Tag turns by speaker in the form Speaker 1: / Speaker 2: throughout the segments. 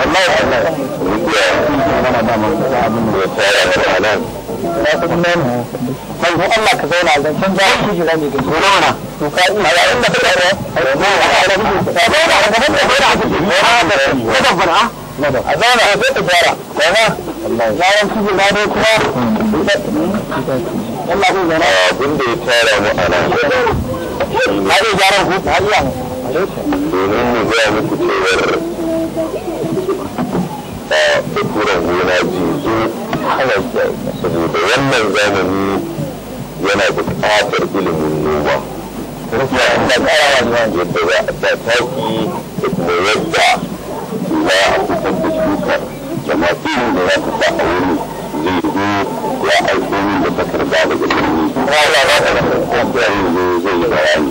Speaker 1: Ala wallahi ya mana da mun da ka Allah zauna ya inda ku a mu domin mu muku cewar da bakuran gona jizo hana saboda wannan zamani yana buƙatar ilimin noma yadda za a da taki da kuma yadda za a fitar da shukar jama'in da za ta sa a wani zai zo ya aiko min da takarda daga birni zai yi bayani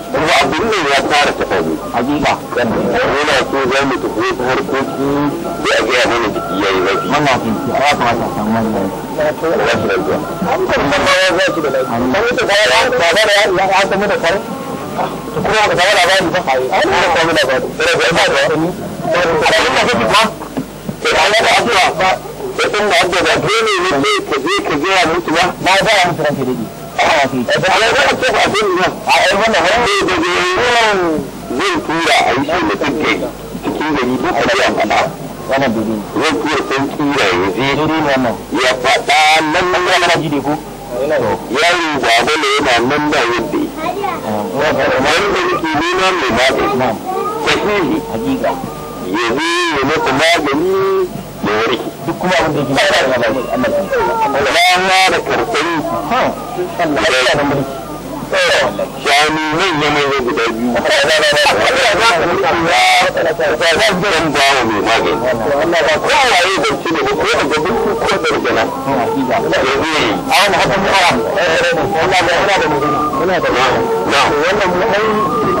Speaker 1: kuma abin nan ya fara ta faru hakika yana so za mu tafi ta harkoki sai a gaya mana jiki yayi zafi wannan kin a ya kamata a samu wannan Allah shi an ta san ba za ki da lafiya sai ta ga ya ba da ya ya samu da kar kuma ka ga labari ba kai an ta samu labari sai ga ba da ni sai ka ga ba sai Allah da addu'a ba sai kun da addu'a ne ne ka je ka je mutuwa na ga mutuwa ke dai da alaƙar ce ba yi a yi mana tura a yi shi wani dubi zai yana ji da ko yaro ba yi masa magani ya duk kuma abin da yake da Allah ya Allah ya da karfani ha Allah ya da mulki shanu manya manya guda biyu zan dawo mai magani kowaye da ci da ko a gaban ko da rigana a wani hakan ba yana da magana yana da magana mu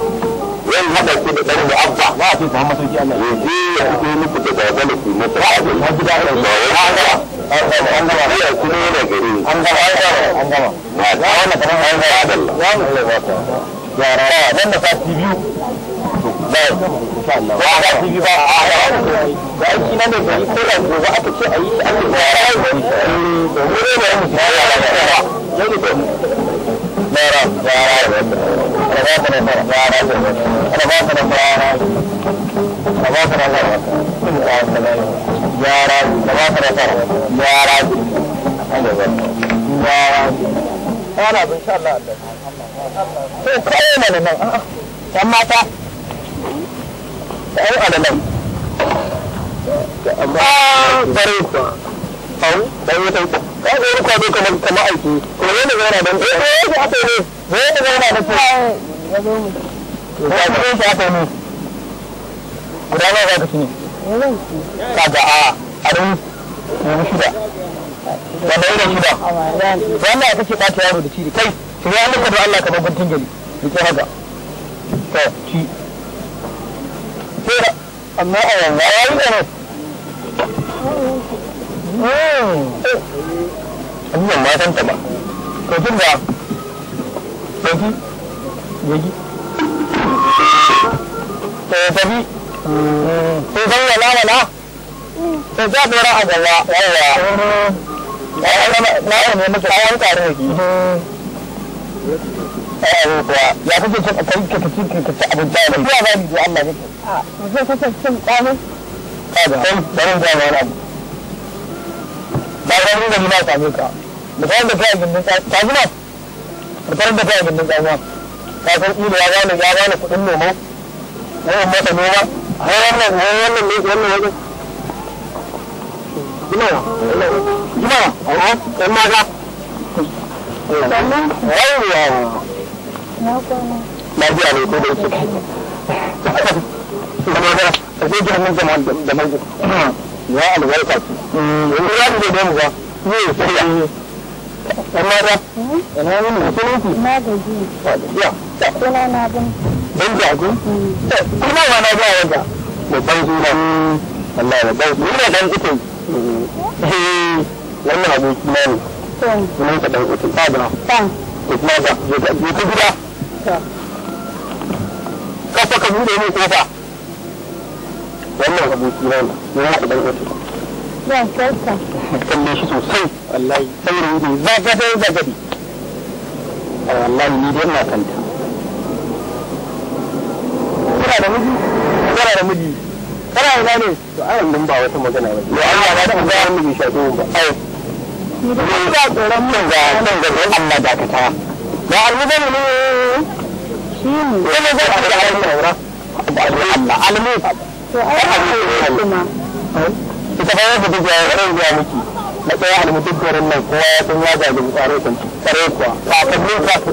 Speaker 1: yan haɗa ku da ɗan mu'abba ba a tuka masa ki Allah eh ya fito muku da baba da kuma ba a ga haɗu da Allah ba an gama an gama ya kuma yana gari an gama an gama ba ta wannan kamar an gama da Allah ya mu Allah ba ta yara nan da sati biyu ba ba ba tv ba a ba aiki na ne ba yi ko da gobe aka ce a yi shi an yi yara ne da wuri ne mu yara yara yara yara Prabhakara பிரபாகர பிரபாகர யாராஜ் பிரபாகர யாராஜ் yaran insha Allah to kai mana nan yan mata ai alalan amma bare ku au dai wata ya ga wani kwado kamar kamar aiki kuma yana zauna don ɗaya eh, ya yi haka ne ya zauna da ke ya zo haka ne guda ba za ka ci ne ka ga a arin yi shida wanda yana shida wannan ya kake ɓata yaro da ci da kai shi ya an da Allah kamar guntun gari rike haka ka ci amma a yanzu a yayi ne Oh. abubuwan ba san ta ba to tun da ɗauki gogi to tafi to san wala za ɗora a gaba yawa na ne maka awon tare da ya kake cin a kai ka ci ka ci abinci a ya ba da Allah ne a zai kace cin kwanan ka ga dan ba ka nuna muna same ka da kayan da kayan gindin ka ta zuma da kayan da kayan gindin ka ma ka san ido ya gane ya gane kuɗin noma wannan mata noma har wannan wannan ne wannan wannan Gina, gina, gina, a'a, ɗan maza. Yawwa. Na biya ne ko da yake. Da magana, ka zai gina min zaman da magana. ya albarka ce mm, yanzu ya ce da mu ba ne ya dan mata ina ne ne kuma ki na gaji ya kuma na bin ban jago mm. kuma wa na ga wanda mu ban zuwa Allah ya bai mu ne dan uku eh wannan aboki na ne sunan ka dan uku ta da ta kuma da ya ta gida ka saka mu ne kofa wannan aboki na yana da ɗan ƙarfi ba kyauta kalle shi sosai wallahi saurayi ne zagade zagade a wallahi ni dai ina kanta kana da miji kana da miji kana da ne to ai wannan ba wata magana ba ne Allah ba ta ga miji shaƙo ba ai ni da tsoron mun ga nan ga Allah da ka ta ba almubani ne shi ne ne da Allah Allah ita fa yadda duk ya ran miki na tsaya almutu garin nan kowa ya san ya tsare kan tsare kuwa da tsare ko tsare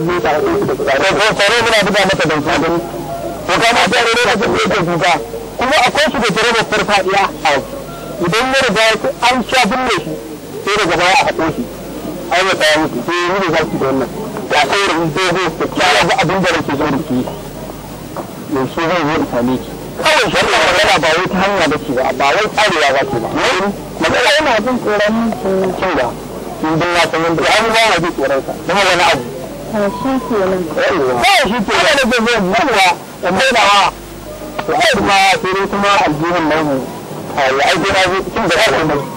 Speaker 1: muna buga mata dan kadan to ga ma tsare ne da tsare kuka kuma akwai su da tsare da farfadiya idan ya riga an sha binne shi sai daga baya a haɗo shi ai ya tsaya miki sai yi da zaki da wannan ya da dogo da kyara ga abin da nake zo da ki yanzu zan zo in same ki kawai wannan magana ba wai ta hanya ba ba ba wai tsarewa ba ce ba magana yana jin tsoron sun cin ba bin san yadda an ba tsoron kuma wani abu shi ke nan kawai shi ke nan da zai zama ma aljihun nan a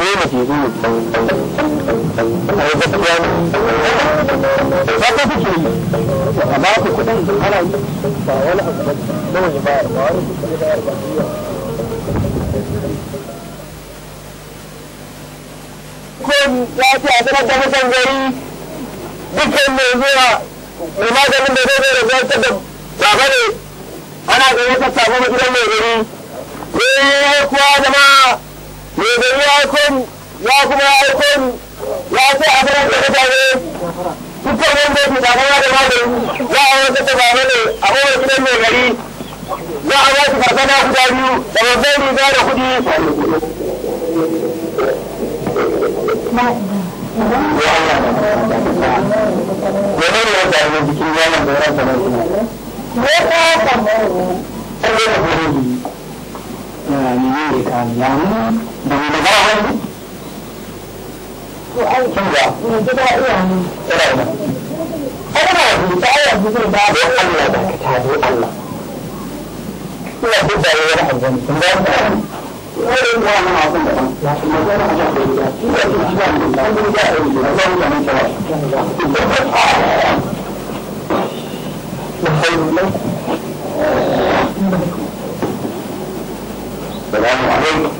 Speaker 1: dole ke zo a yi gaskiya ne ba yi a ba ku kuɗin ana yi ba wani abu ba na wani bayar ba wani kuɗi bayar ba ko ya ce a sanar da mutan gari dukkan mai zuwa mai maganin da zai da zai da baba ne ana ganin ta samu gidan mai gari ko eh, kuwa jama'a me gari ya aiko ni ya kuma ya aiko ni ya ce a sanar da mutane dukkan wanda ke damuwa da magani za a wasu ta zama ne a kowane gidan mai gari za a ba su karsana guda biyu da babban riga da kuɗi Wannan ana ba da السلام عليكم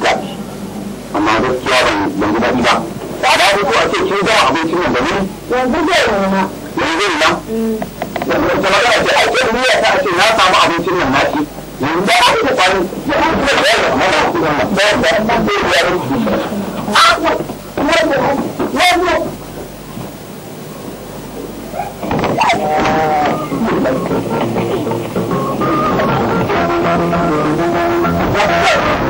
Speaker 1: gashi amma gaskiya ban ban ji daɗi ba ba da ko a ce kin gama abincin nan da wuri yanzu zai nuna yanzu nuna mm. yanzu ta magana ce ai kin Ya ta ce na samu abincin nan na ci yanzu da aka ta kwani yanzu da ya zama na ku zama da da da ya rubuta Ya ko yanzu yanzu Thank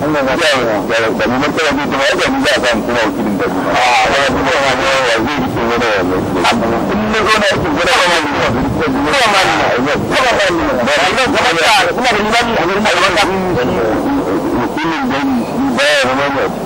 Speaker 1: Allah na da za samu a na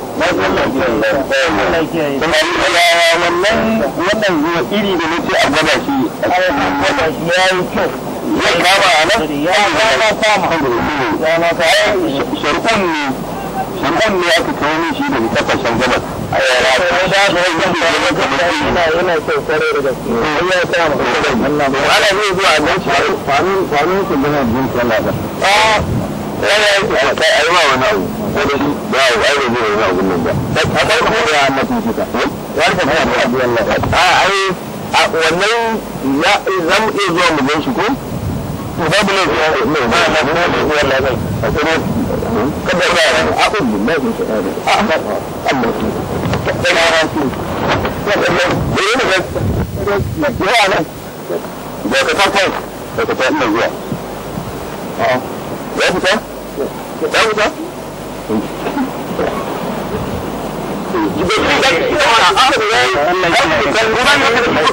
Speaker 1: wannan zuwa iri da nace a gwada shi ya yi kyau ya kama a nan ya na kama ya nan kama sharkon ne sharkon ne aka kawo min shi daga kasashen gabas a yara ta da ta yi zan da maka mutum yana yana kyau kware da gaske ya kama Allah ne zuwa nan shi kwanin kwanin su gina jin sallah ba ta ai ba wani abu wani iya zuwa mu gan shi ko dauda hanyar ne kuma da kuma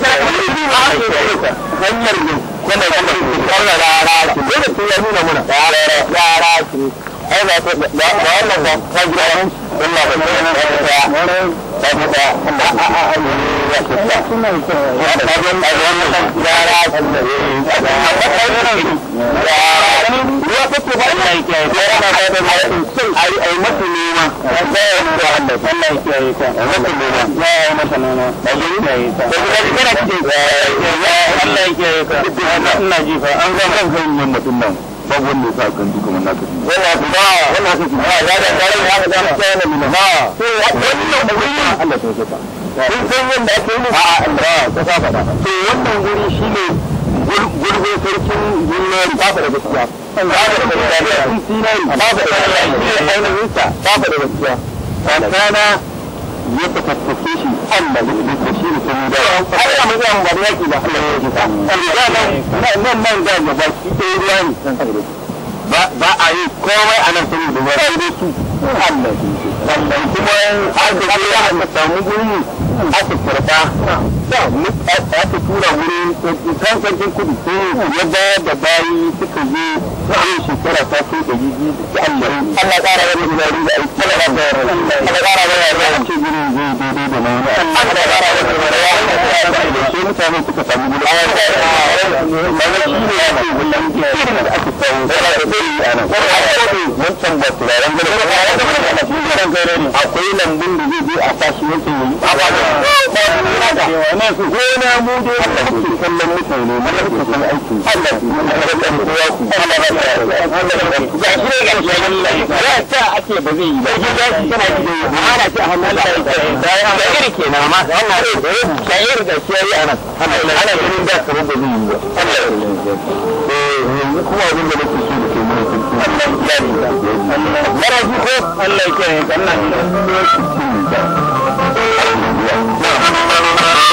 Speaker 1: da rara ce dole sai ya nuna muna rara ce ai ba ko ba wannan ba ka gida wannan wannan ba ko nan ba ta ba ko ta a a a ne ya ko ta kuma ko ya ta ga wannan gara ta da ya ta ga wannan ya ya ko ta ba ne ke ya na ba da ai ai mutu ne ma ba da ya hada wannan ke ya ta mutu ne ma ya ya mutu ne ma da ji ne ta ko da kira ki ya ya Allah ke ya ta ina ji fa an ga kan kan mutum babu wanda ya sa kan duka man naka wala ku ba wala ba ya da garin ya ga ta yana mina ba to wannan guri Allah ta saka kun san yanda ake yi a Allah ta saka da to wannan guri shine gurbe sarkin gunnar ba da gaskiya ba da gaskiya ba da gaskiya ba da gaskiya ba da gaskiya ya tattace shi Allah ya tattace shi ne kuma da har ya maza mu bari yaki da Allah ya ji ta nan nan nan da ya baki ɗaya ruwa ne ba a yi komai a nan sun da ba sai dai su Allah ya ji ta kuma har da ya samu guri aka karba da ta tura wurin kan sarkin kudu ko ya ba da bayi suka zo wani shekara ta kai ɗari biyu da Allah Allah ƙara wani gudari da aiki Allah ƙara wani gudari Allah ƙara wani gudari ce gurin zai daidai da nauna Allah ƙara wani gudari da ke mutane suka samu gudari da wani da ne ya ce wannan kirin da aka kawo da aka zai yi a nan wancan ba turaren gudari akwai lambun da zai je a sashi wancan yayi a ba da nan gona mu dai Allah ke kallon mutane mana ke san aiki Allah ke ku Allah ga shi ne shi Allah ya ta ake ba zai yi ba ji da shi kana ji amana a hannun Allah da ya ga iri kenan ma da da shi yayi anan da zai yi ba Allah eh kuma abin da nake so da ke mun Allah ya yi Allah ya ji ko Allah ya yi ji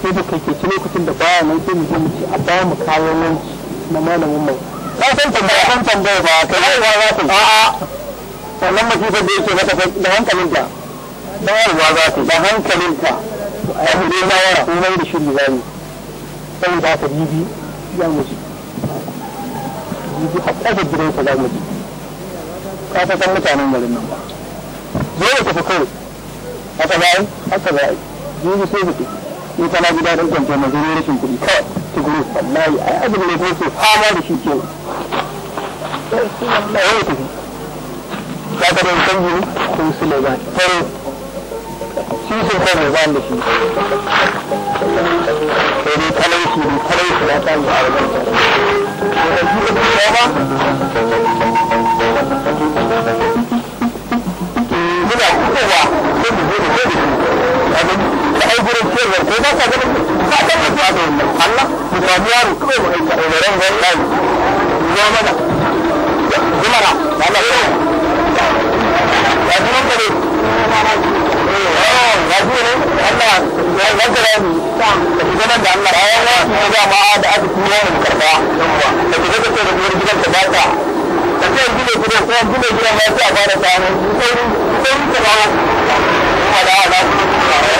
Speaker 1: sai da kai ke lokacin da baya nan sai mu mu ci a ba mu kayan wanki na malamin mai na san tambaya san tambaya ba kai ai wa za a a sannan da yake mata da hankalinka. ta wa za da hankalin a yi ne ko mai da shiri zai sai da ka bibi ya mu ji bibi a kada gidan ka za mu ji ka ta san mutanen garin nan ba zo ka tafi kawai haka ba haka ba bibi sai da kike ni fa na ji daɗin kwanciyar na zai rashin kuɗi kawai tukuru wallahi ai abin da yake fama da shi ke na da san jini ko su ne ba faro shi sun faro ba da shi sai dai talauci ne talauci ya ta yi a wajen ta ba kai gurin ciyarwar ko ba ka ganin ba ta ganin ba da wannan Allah mu samu yaro kawai mu aika da ran ran ran ya mana jumara Allah ya ya jumara kare ya jumara Allah ya zankara ni da kuma nan da Allah ya yi wa da da aka kuma yana karba da kuma da kuma da gidan da ba yi da kai ko gine gidan ma sai a fara samu sai sai ta ba kuma da
Speaker 2: Allah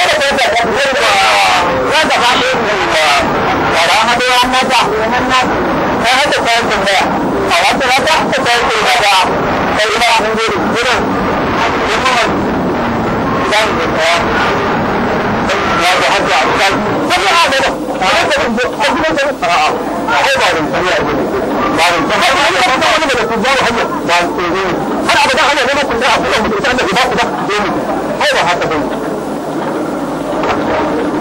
Speaker 1: dole ko ta ta a wata wata ta kayan tambaya sai ina mun a kan sai ba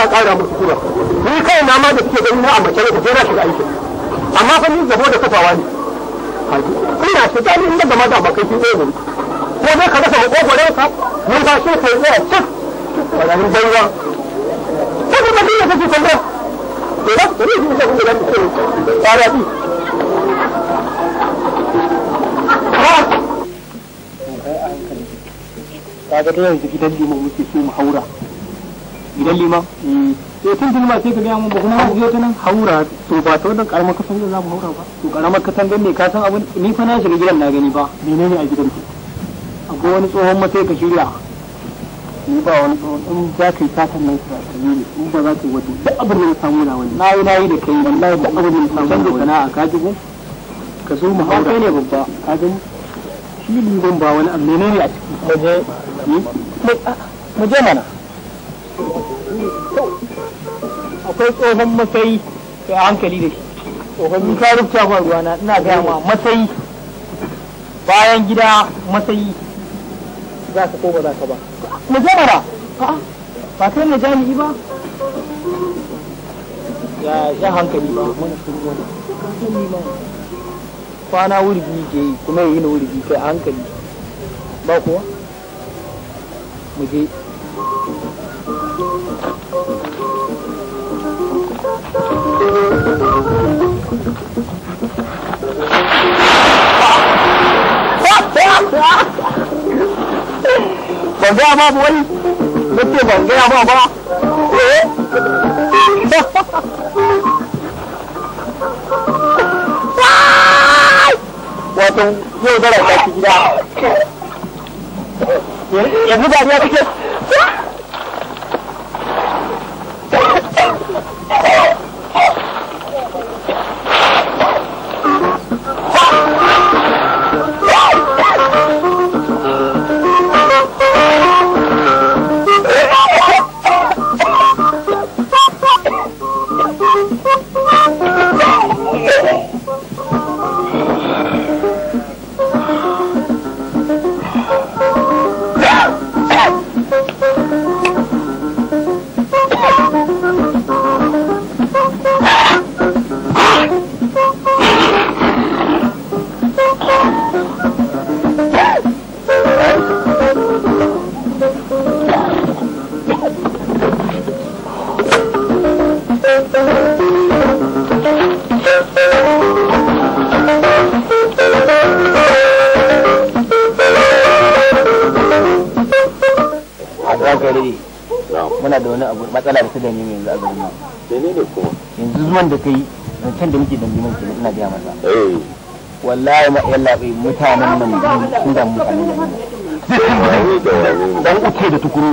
Speaker 1: Allah ya ƙara musu kiba ni kai na ma da suke ganin na a mace ne sai na aikin amma fa ni zabo da kafawa ne ina shiga ni inda gama da bakai shi ɗaya ne ko zai ka rasa makogoron ka mun ba shi sai tsaya cik wadannan baiwa sai ka tafi da kake kwallo to da ku ne da ku da ku fara bi kaga ta yanzu gidan limo muke so mu haura idan liman to eh. eh, tun tun ba sai ka gaya mun ba kuma ma biyo ta nan haura to ba ta wannan karamar kasan da za mu haura ba to karamar kasan dan ne ka san abin ni fa na shiga gidan na gani ba menene a gidan ku akwai wani tsohon masai ka shirya ni ba wani tsohon in za ka yi satan nan ka yi ne in ba za ka yi wato duk abin da na samu na wani na yi na yi da kai wallahi duk abin da na samu na wani sana'a ka ji ko ka zo mu haura kai ne babba ka gani shi liban ba wani abu menene a ciki mu je hmm? mana akwai tsohon matsayi a hankali da shi tsohon ka rubuta ba na ina gaya ma matsayi bayan gida matsayi za ka ko ba za ka ba mu jamara ba kai na jami'i ba ya ya hankali ba mun shuru wani hankali ba kwana wurbi ke yi kuma yi na wurbi kai hankali ba kuwa mu je ban gaya ba wani nake ban gaya ma ba eh wato yau zara ta gida yanzu wallahi na yalla bai mutanen nan sun da mutane dan uke da tukuru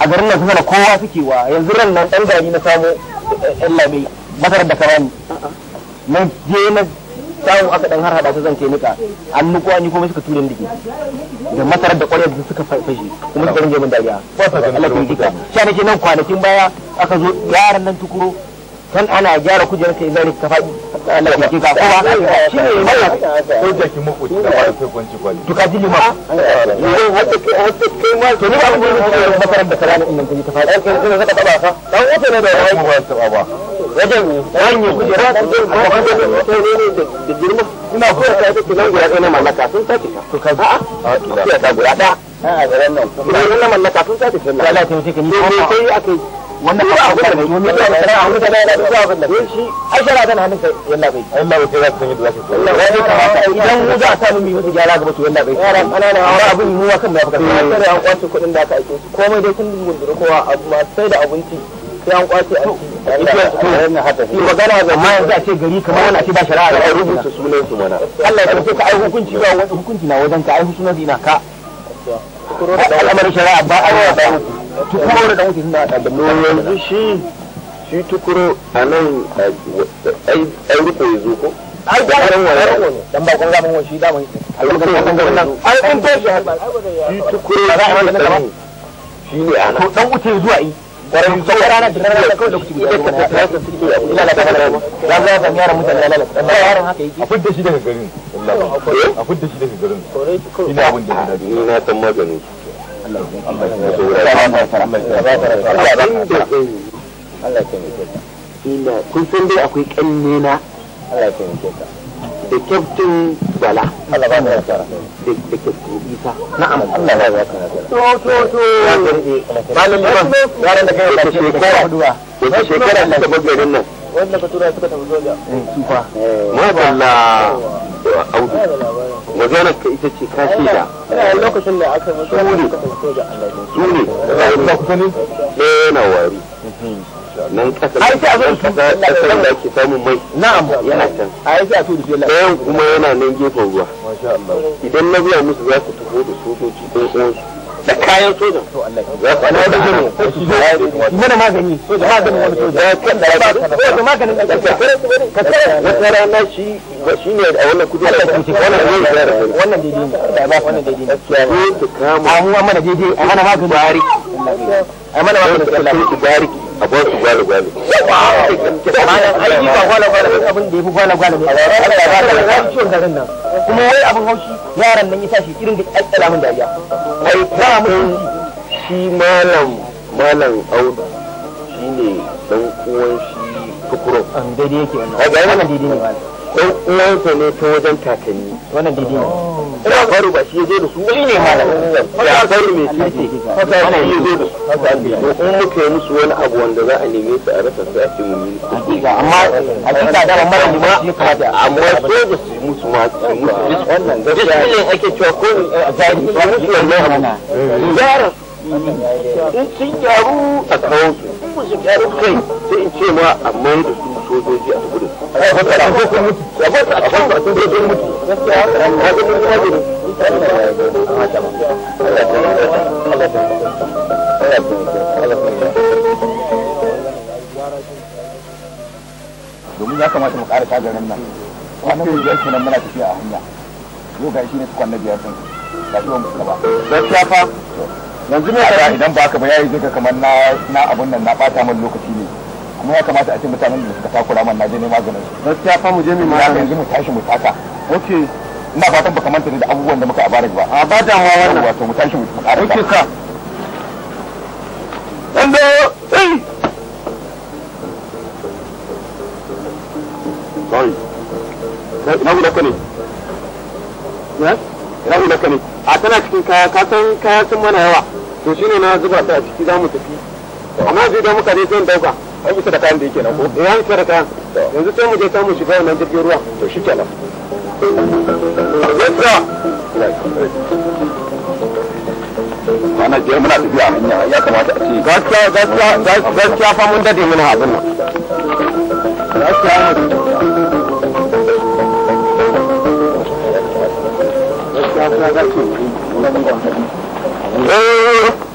Speaker 1: a garin nan kusa kowa suke wa yanzu ran nan dan gari na samu yalla eh, bai masarar da karani na je na samu aka dan har hada ta zan kai nika an nuko an yi kuma suka tura dake da masarar da kwarai da suka fashe kuma suka rinje min dariya Allah kin kika sha nake nan kwanakin baya aka zo yaran nan tukuru kan ana gyara kujerar sai zai ka faɗi da kika ko ba shi ne mai ko da ki muku da ba ku kunci kwali to ka ji yau hadda kai ma to ni ba mun yi makaran da kana in mun ta fara kai ina zaka taba sa dan wata ne da wai ba ta ba wajen hanyar kujera da kuma da girma ina kuwa ta take nan guda ɗaya mallaka sun ta cika to ka a'a a kira ta guda ɗaya a garin nan kuma na mallaka sun ta cika Allah ta yi ni ko kai wannan ba abu da domin da kana abu da yana da abin da shi ai shara tana hannun kai yalla bai Allah bai kira ka ne da zaka koyi wallahi ka mata idan mu za ta mu yi gyara gaba to yalla bai yara kanana hawa abin mu wa kan da fuka sai an kwace kuɗin da aka aike su komai dai kun gundura kowa abu ma sai da abinci sai an kwace a ciki magana da ma yanzu a ce gari kamar wani a ce ba shari'a da rubuta sunan su mana Allah ya ka ai hukunci ba wani hukunci na wajen ka ai sunan dina ka al'amarin shari'a ba a yi ba tukuro da dan wuce suna da yanzu shi shi tukuro a nan ai riko ya zo ko ai da ran wani dan ba kun ga mun shi da mun ai kun to shi
Speaker 2: tukuro da ran da
Speaker 1: shi ne a nan dan wuce zuwa yi garin zuwa rana da rana da kawai lokaci guda da ta ta suke abu da ta gara ya ga ban yaran mutane lalala dan ba yaran haka yake a fidda shi daga garin wallahi eh? a fidda shi daga garin ina abin da na san maganin ina kun san dai akwai kanne na da kyaftin bala da kyaftin isa na'am Allah ya zaka to to to ya da kai da shekara da shekara da nan wanda ka tura suka tafi soja eh, eh, audu maganar ka ita ce ka ce da lokacin da aka mutu wani suka tafi soja su ne eh, na wari nan kasar kasar da ake samun mai na'am yana can a kuma yana nan gefen ruwa idan na biya musu za su tafi da sojoji ɗan uwansu kayan soja mana magani maganin wani soja da maganin da wata rana shi shi ne a wannan kudi da kuke wannan ne wannan daidai ne da ba wannan daidai ne a mu amma daidai a mana magani bari a mana magani Allah ya bariki a ba su gwale gwale bayan ba gwale gwale abin da ya fi gwale gwale ne a ciwon garin nan kuma wai abin haushi yaran nan ya tashi irin da min dariya kai ta shi malam malam auda shi dan uwan shi daidai yake wannan daidai ne malam ɗan uwansa ne ta wajen takalmi wannan didi ne faru ba shi ya zo da su shi ne malamin faru mai titi fata shi ya zo da su fata ne in muka yi musu wani abu wanda za a neme su a rasa su a ce mun yi hakika amma hakika da mara ma amma ko ba su musu ma su musu wannan gaskiya ne ake cewa ko eh, zari ba musu wannan
Speaker 2: abu zara
Speaker 1: in sun gyaru a kawo su in musu gyaru kai sai in ce ma amma da su sojoji a gudun domin ya kamata mu ƙara garin nan kwanan biyar kenan muna tafiya a hanya yau ga shi ne kwanan biyar din ba shi ba mu ba gaskiya fa yanzu ne idan ba ka ba yayi zika kamar na abun nan na ɓata min lokaci ne kuma ya kamata a ce mutanen da suka takura man naje ne maganin su gaskiya fa mu je ne maganin yanzu mu tashi mu taka oke ina fatan baka manta da abubuwan da muka abara ba a ba da ma wannan wato mu tashi mu ƙara oke ka ando ei eh na guda ka ne ya na guda ka ne a tana cikin kaya ka san kaya sun mana yawa to shine na zuba ta a ciki za mu tafi amma zai da muka ne zan dauka har isa da kayan da yake na ko eh an isa da kayan yanzu sai mu je samu shiga wannan jirgin ruwa to shikenan yadda ana je muna tafiya hanya ya kamata a ce gaskiya gaskiya gaskiya fa mun dade muna abin nan gaskiya gaskiya gaskiya gaskiya eh,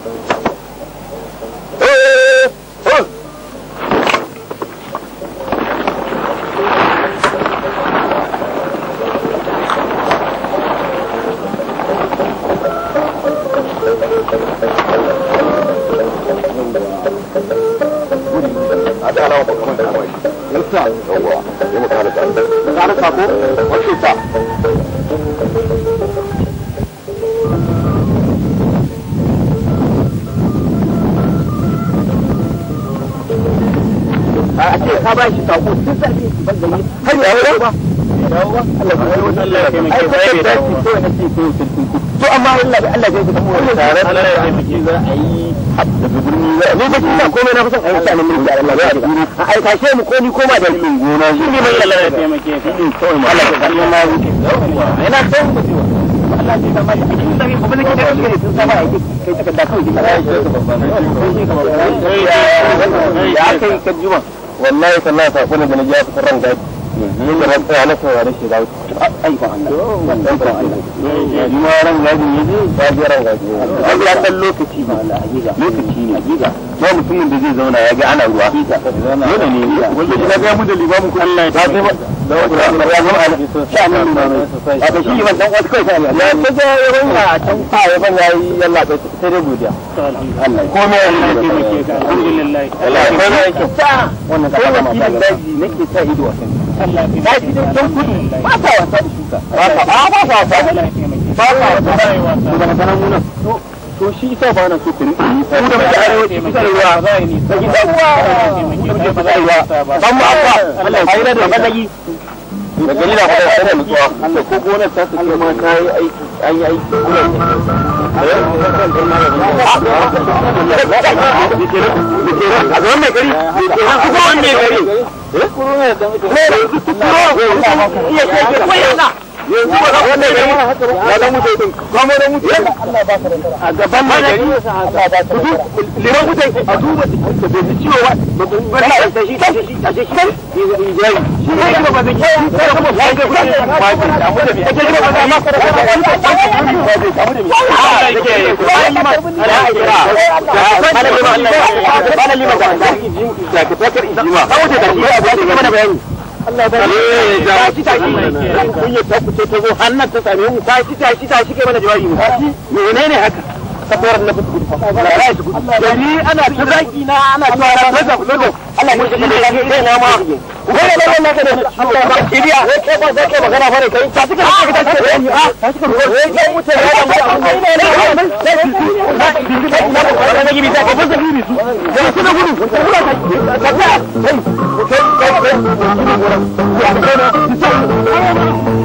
Speaker 1: taimake ba ya dawo ba to amma Allah da Allah zai ji kuma wannan tare da Allah ya miki za a yi da birni za ni ba komai na fasan ayi sanin mun da Allah ya ji a ai tashe mu ko ni ko ma da ni gona shi ne mai Allah ya taimake ka kawai ma Allah ya yi ke wuce yana son ku ciwo Allah ya kama shi cikin dare gobe ne ke da shi sun saba yake kai takarda kawai ki kara shi ka babban ya kai ka juma wallahi sallah ta kuma da ni ya fitar ran gaji ni ne ran tsaya na kowa da shi da aikon Allah aikon Allah ni ma ne ji ba ji ya dan lokaci ne lokaci ne ba mutumin da zai zauna ya ga ana ruwa dole ne wanda shi ga mu da limamin ku Allah ya ba sai da wanda ya zama ala sha mun limamin a ba shi yi dan wasu kai sai ya ta ga ya wanda can fa ya ban yi yalla ta sai dai godiya alhamdulillah yi Allah ya taimake ka alhamdulillah Allah ya taimake ka wannan ka ga ma ta nake sa ido a kanka ba shi da don kuɗi ba sa wasa da shuka ba sa ba sa wasa ba sa wasa ba na sanan munan to shi sa ba na so ku ni ko da mu da arewa da ruwa ba ni da ruwa ba da ruwa ban mu abba Allah ya ayyana da madagi da gani da fara sai da nutsuwa Allah ko gonar ta su kuma ta yi aiki an yi aiki kula da ke a zaman mai gari a zaman mai gari 哎，昆仑的，怎么就？哎，你别别别，我我我，你别别别，yanzu ba za ku ne ma ba da mutai din kuma da mutai Allah ba a gaban da gari Allah ba ka da liman mutai a duba da bai ciwo ba ba ku ga da shi da shi da shi kan yayi shi ne ba da ke yi ko kuma ba da ku da ba da mu da bi ake ba da ma ka da ba da mu da bi ba da mu da bi a da ke ba da ma da kira da ba da liman ba da liman ba da ji da ka fakar ijima saboda da shi ya ba da bayani Allah ba ne ta shi ta shi kun yi ta kuce ta zo hannar ta same mu ta shi ta shi ta shi kai mana jawabi mu ta shi menene haka ka na gudu gudu ba ya shi gudu gari ana ta zaki na ana cewa na lozo lozo Allah ya shi gudu zaki na ma wai da wannan naka ne Allah ba kibiya wai kai ba zai kai magana fare kai ta tuka ta ta ce ni a ta tuka da mu amma ina ne ne ne gibi zaka ba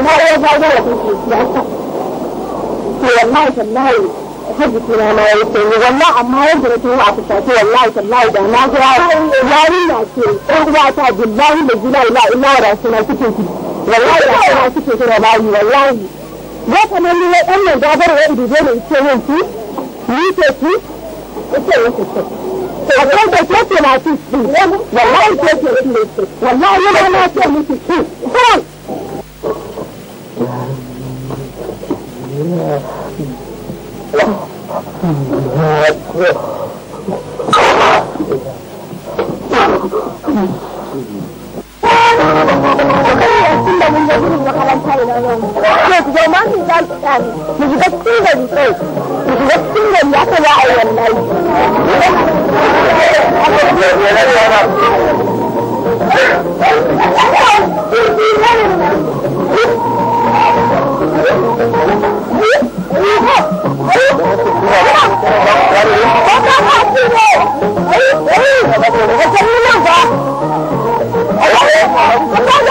Speaker 1: ina ya zago da kuke wallahi wallahi a fusace wallahi tallahi da na da gina ila ila wa wallahi bayi wallahi ya kamar ni akwai da keke na fi su wallahi keke su ne su wallahi yana na ce You mutum ya ta za a yi wallahi Ah!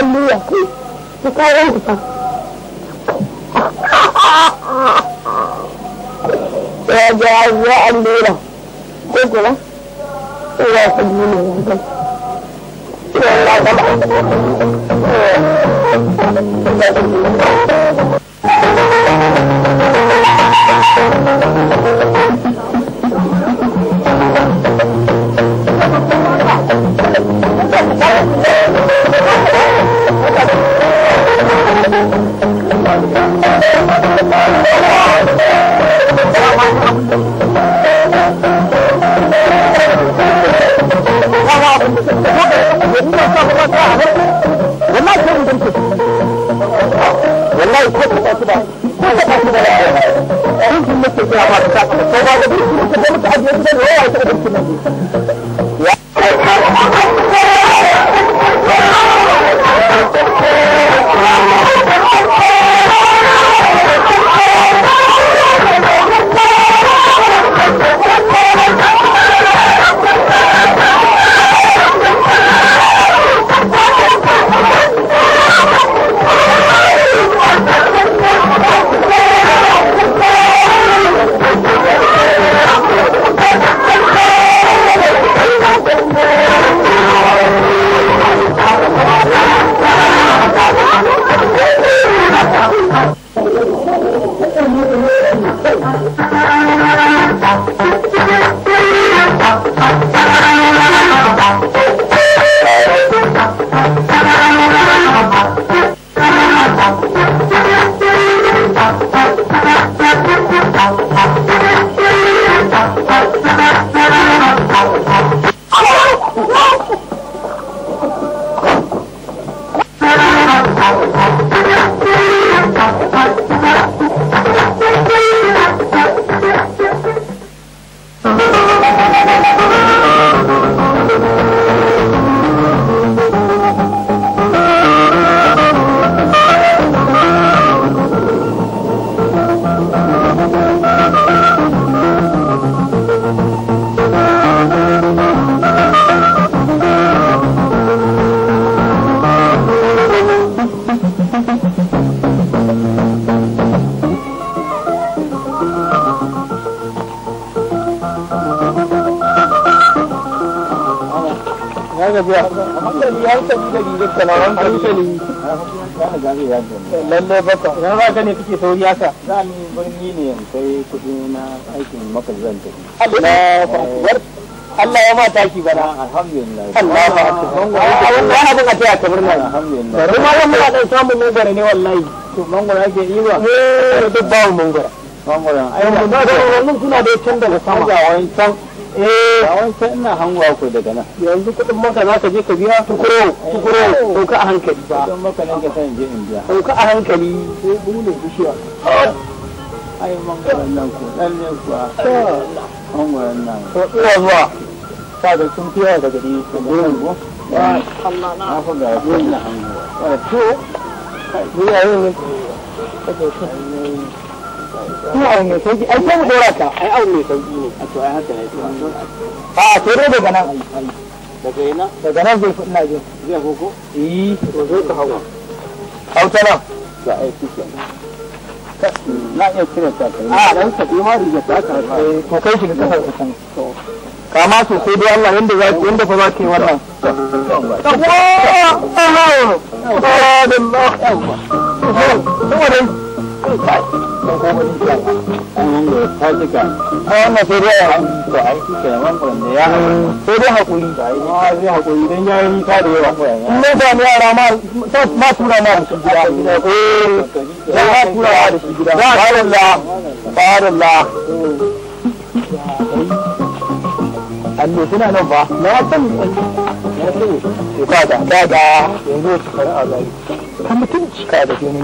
Speaker 1: allura ce kawo ba kake sauri haka za ni birni ne sai kudi na aikin maka zan tafi Allah ya ta ki bana alhamdulillah Allah ba ta wannan abin a taya kamar nan alhamdulillah da samu ne ne ake yi ba eh, duk mangoro mangoro ai wannan suna da can eh a wancan ina hangowa ko daga nan yanzu kuɗin maka za ka je ka biya tukuro tukuro sauka a hankali ba kuɗin maka nan ka je in biya sauka a hankali sai bule bishiya ai mangoron nan ko dan ne nan ko ina zuwa ta da sun fiya daga ni gurin ko Allah na fa ga gurin na to ya yi ne ko ai ne sai ai dora ai au ne sai to ai haka ne to ba a sai daga nan daga ina daga nan zai kuɗi na zai koko eh to zai ka hawa hauta nan da aiki na iya kira ta kai a ka ma riga ta ka ko kai shi ka ka kan kama su sai dai Allah yanda da ki yanda fa za Allah Allah Allah wannan sai dai a nan da ya yi ta da yawa in ne da yara da shi gida eh za a tura ma da yanzu a zai. da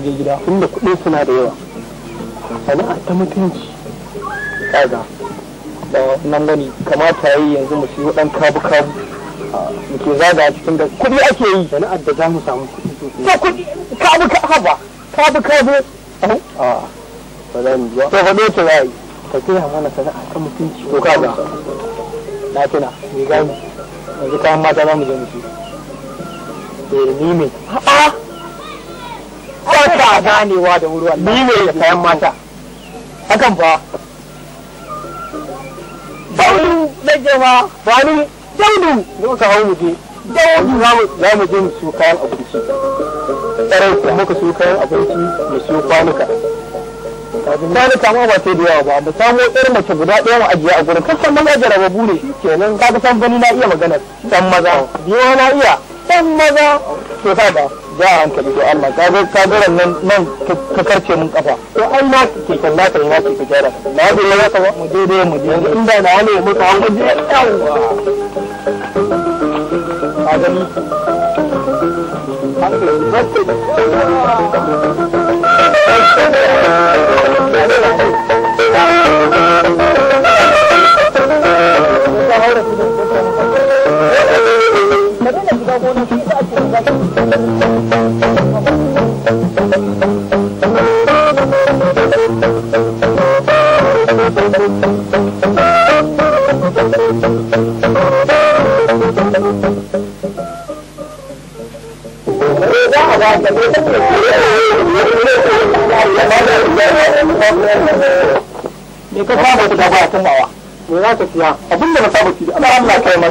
Speaker 1: gida, inda suna da yawa. sana'a ta mutunci kaga da nan gani kamata yi yanzu mu siyo dan kabu kabu muke zaga cikin da kuɗi ake yi sana'ar da za mu samu kuɗi to kuɗi kabu kabu kabu kabu a ba za mu ba to fa dole ta yi ka koya mana sana'a ta mutunci ko kaga na tuna ni gani yanzu kayan mata za mu je mu siyo eh ni me a'a ba ta ganewa da wuri wallahi ni ne kayan mata hakan ba daudu da jama ba ni daudu da muka hau mu je daudu za mu je mu siyo kayan abinci tsarai kuma muka siyo kayan abinci mu siyo kwanuka kwanuka ma ba sai da yawa ba mu samo ɗan mace guda ɗaya mu ajiye a gurin kasan maza jarababu ne kenan kaga san gani na iya magana san maza biyo na iya dan maza to sa da ja hankali to Allah ka ga ka ga nan nan ka karce mun kafa to ai na ke kan da kai na ke ka gyara na ga ya ba mu je da mu je in da na ne mu ka hankali yawa adam Thank you. me ka saba da ba tunawa me za ka siya abin da saba ki Allah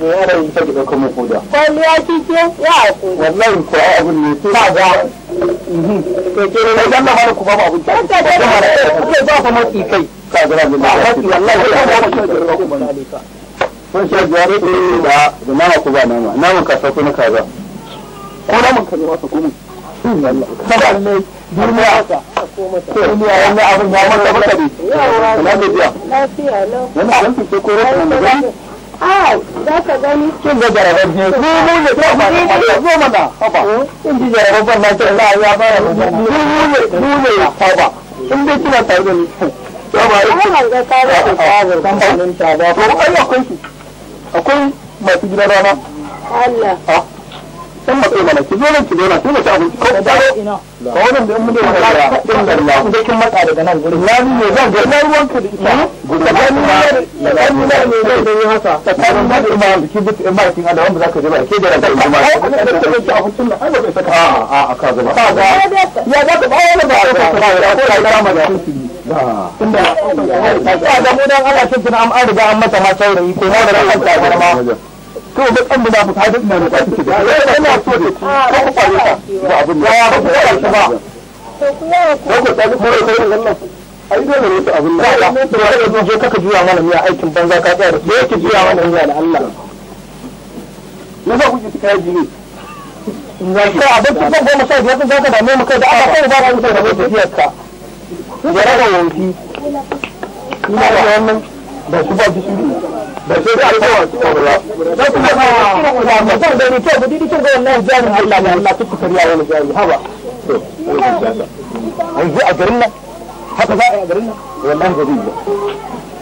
Speaker 1: da yaran yi ta gida kuma koda. Kwalliya kike ya ku. Wallahi ko abin ne sai ka ga ke ke ne dan ba ku ba abin. Ka ga da ba ku matsi kai. Ka ga da ba. Wallahi ka ga ku ban alika. Kun sha biyar da da nama ku ba nama. Nama ka sauko na kaza. Ko naman ka ne wasa kuma. Sabar ne duniya haka. Duniya wani abin da maka maka ne. Lafiya. Lafiya. Wani abin ko ko rasa ne. za ka gani kin ga jarabar ne mu ne ko ba ko haba na ta Allah ya fara mu ne mu ne haba in kina tare da ni to ba ai ga ka da tsabar ta ba ko ai akwai akwai rana Allah dan matsayi mana ki zo nan ki zo nan ki mace abinci ko da ina ka wannan da mun da Allah da Allah da kin matsa daga nan gurin na ni ne zan ga na ruwan ka da ita gurin da ni ne da ni ne ne zan yi haka tsakanin da imam ki bi in ba kin da wanda zaka je ba ke da ran imam ai da kake miki abincin da Allah bai saka a a ka ga ya za ka bayar da ba ka ba ko da ma da tunda a da mu dan Allah kin an riga an mata ma saurayi ko ma da ran ta ma to ba kan muna fita da ina da kike da ina so da ku ko ku fare ka ba abin da ya ku fara shi ba to kuma ku ko ta ku fara sai wannan ai dole ne su abin da ya ne to da zo je kaka juya mana miya aikin banza ka tsaya da ke juya mana miya da Allah na ba ku ji kai jini ka abin da goma sha biyar zaka da mu kai da aka kai ba ka da wata biyar ka ya raga wanki ina da wannan da su ba gishiri da ke da alƙawar saboda da kuma da mutum da ni kyau gudi dikin ga wannan jarin Allah ne Allah tuku kariya wani jari haba yanzu a garin nan haka za a yi a garin nan wallahi ba zai yi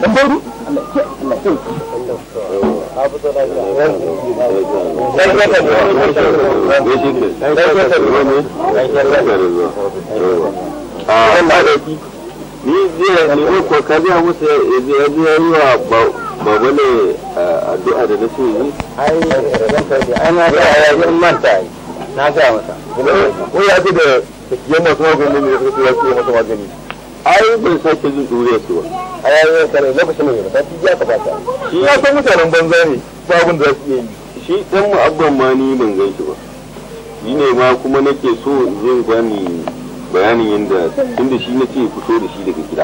Speaker 1: dan bauru Allah ce Allah ce Thank you. ni jiya ne ko ka ga musu ya je ya yi wa baba ne addu'a da nake yi ai ana da ya ga manta na ga masa ko ya ji da yamma kuma gunni ne ko ya ce masa magani ai ban sake jin dure su ba a yayin kare lokacin ne ba shi ya tabbata shi ya san mutanen banza ne ba abin da su yi shi dan mu abban ma ni ban gaishe ba shi ne ma kuma nake so in zo gani bayanin yadda da shi na ce fito da shi daga gida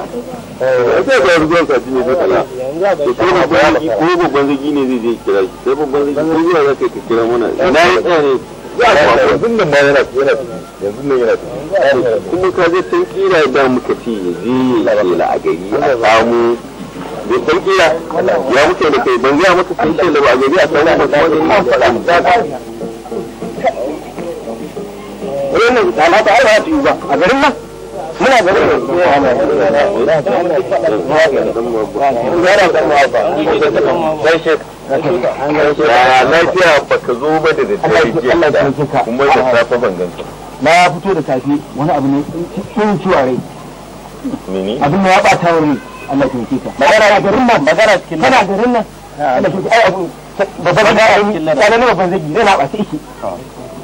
Speaker 1: ya ga sati ne to ko ko zai je kira shi sai ko ka kira mana ina ya nan yana yana yanzu yana kuma ka je kira da muka ya je ya a gari a samu kira ya muke da kai banza maka san kira ba a gari a samu wannan dama ta aiwa ta yi ba a garin nan muna garin nan lafiya ba ka zo ba da daddare jiya kuma da safe ban ganta na fito da safe wani abu ne tsohon ciwa rai abin da ya bata wani Allah ta yi ka magana garin nan magana cikin nan garin nan ah. babban garin nan ne babban zagi ne na ba sai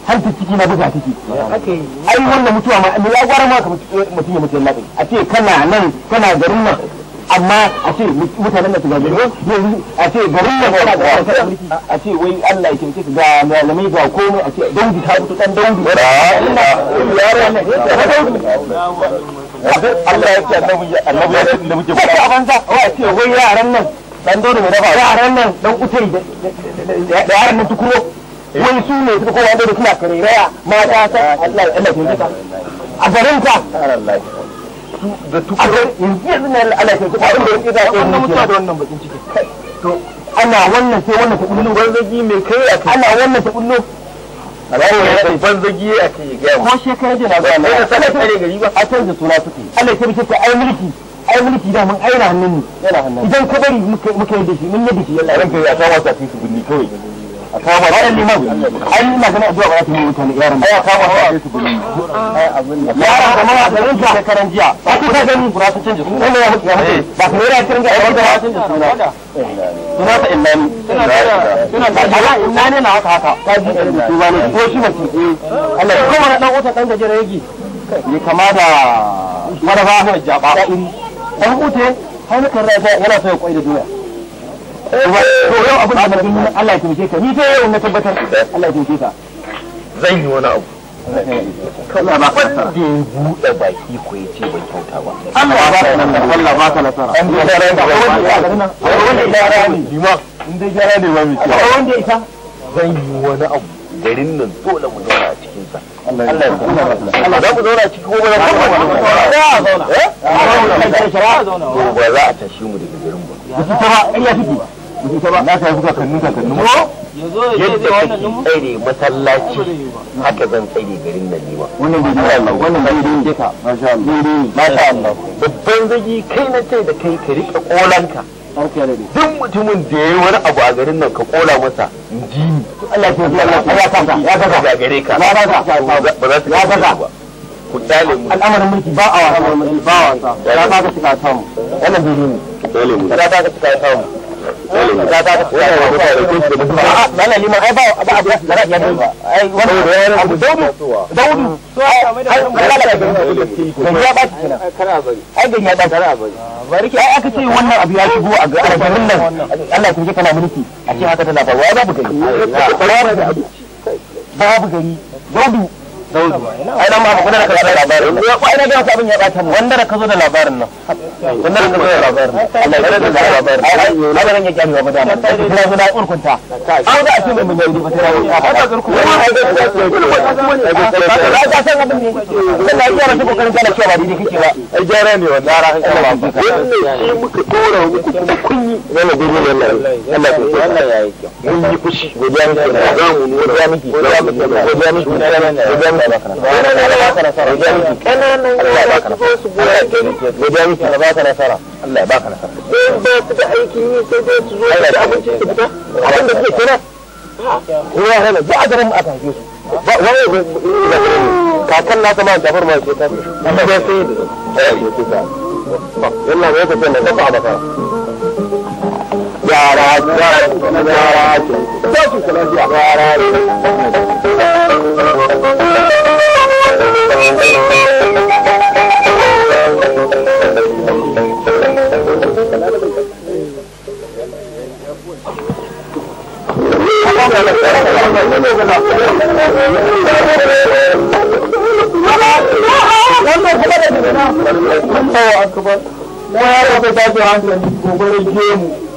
Speaker 1: har ta ciki na buga take ai wannan mutuwa ma ya gwara ma mutum ya mutu lafi a ce kana nan kana garin nan amma a ce mutanen da su ga gaji yanzu a ce garin nan kana da wata a ce wai Allah ya kinki ga malamai ga komai a ce daudi ta fito dan daudi Allah ya ce annabi ya ce da muke ba banza wai a ce wai yaran nan dan dole mai dafa yaran nan dan kutai da yaran nan tukuro wai su ne suka kowa da suna Raya. mata ta Allah Allah ke a garin ta da tukurai yanzu yanzu ne Allah ke ka ta da yake da wannan mutuwa da wannan bakin ciki to ana wannan sai wannan ta kullu banzagi mai kai a ana wannan ta kullu alawo banzagi a kai ga ko shekarar da na ga na sanar da gari ba a canza suna suke Allah ya tabbata ta ai mulki ai mulki da mun aina hannun ne idan ka bari muka muka yi da shi mun yi da shi Allah ranka ya sa wasa su binni kawai a kama ba magana a kama ba su gudu yaran da mawa da rinka shekaran jiya eh. ba su ta gani ba su ko eh. kama da marafa jaba ɗan wuta har kan yana so kwai da doya kuma to yau abin da Allah ya ka ni sai yau na tabbatar Allah ya ka zan yi wani abu Allah ba ka da buɗe baki ko ce kyauta ba Allah ba ka nasara Allah ba ka nasara an ji gyara da wanda ya gyara ne in dai gyara ne ba mai kyau wanda ya isa zan yi wani abu garin nan dole mu zauna a cikin sa Allah ya za zauna a cikin ko ba za zauna eh? ba za a tashi mu daga garin ba ya fita ba ya fita ita ba na kai kuka kannin kakannin yadda kake tsare masallaci haka zan tsare garin nan nima wannan bai da Allah wannan bai da dika masha Allah masha Allah babban zagi kai na ce da kai ka rika kolanka duk mutumin da ya yi wani abu a garin nan ka kola masa jini Allah ya Allah ya saka ya saka ga gare ka ya saka ba za su ya saka ku tsale mu al'amarin mulki ba a wasa ba a wasa ya ba ka shiga tamu wannan dole ne ku tsale mu ya ba ka shiga tamu da za ka tsaya da da ra'a yadda ba ai wannan abu daudu daudu ya aka ce wannan abu ya shigo a garin nan Allah ya kana a ce haka babu gani babu daudu daudu ai dan ba ku da ka da labarin ko ai na wasu abin ya bata mu wanda da ka zo da labarin nan wanda da ka da labarin Allah ya da labarin ai ran wa da mun kira da kurkunta au da shi mun ba ka ba kurkunta ai da ka san abin ne sai ya rasu kokarin kana cewa ba dai kike ba ai jara ne ra kan ba muka tora muku kuma kun wannan gudu ne Allah Allah ya yi kyau mun yi fushi godiya miki da za mu nuna godiya miki godiya miki godiya miki godiya miki godiya miki godiya miki kananan Allah ya baka nasara godiya miki Allah ya baka nasara Allah ya baka nasara eh ba ku da aikin yi sai dai su zo da abinci su fita abin da kuke kira ruwa hana ba a garin a tafi su ba wai ba kakan na sama da farma ce ta da da yara yara ce yara ce ya hankali gobe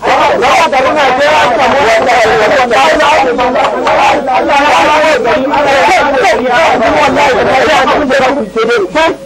Speaker 1: da Thank you.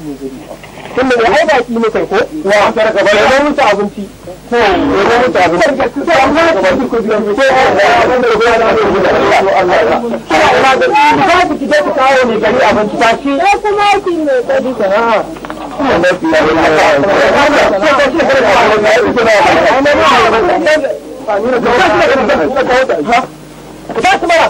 Speaker 1: tun da ai ba su mutai ko wa ka raka ba da abinci ko da mutu abinci to amma ka ku ku ko abin da ba da ko da Allah ya ba da da ku kawo abinci ta shi ko kuma ki ne ta Ba su mara!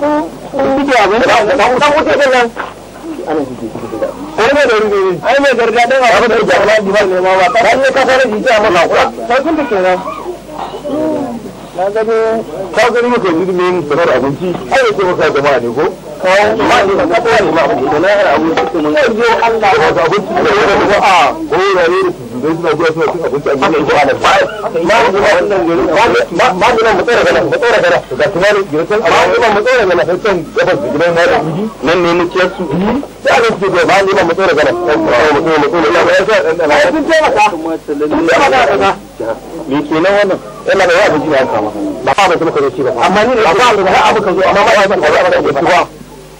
Speaker 2: Kuke abin da dan wuce din nan.
Speaker 1: Ai mai darbe ne. Ai mai darga dan abin da ya ba di ba ne ma ba. Dan ne ka fara jiya ma ka Sai kun da kenan. Na gani ka gani mutum ne mun sanar abinci. Ai ko ka jama'a ne ko? kawo ma da ka ba ni ma ko na yara abu su mun sai yo Allah ba ga da ba a ko da da a gidan ba da ba da da da amma da da ba ba da da aka kama ba ba da kuma kaje shi ba amma ba da abu zo amma ba da abu zo ba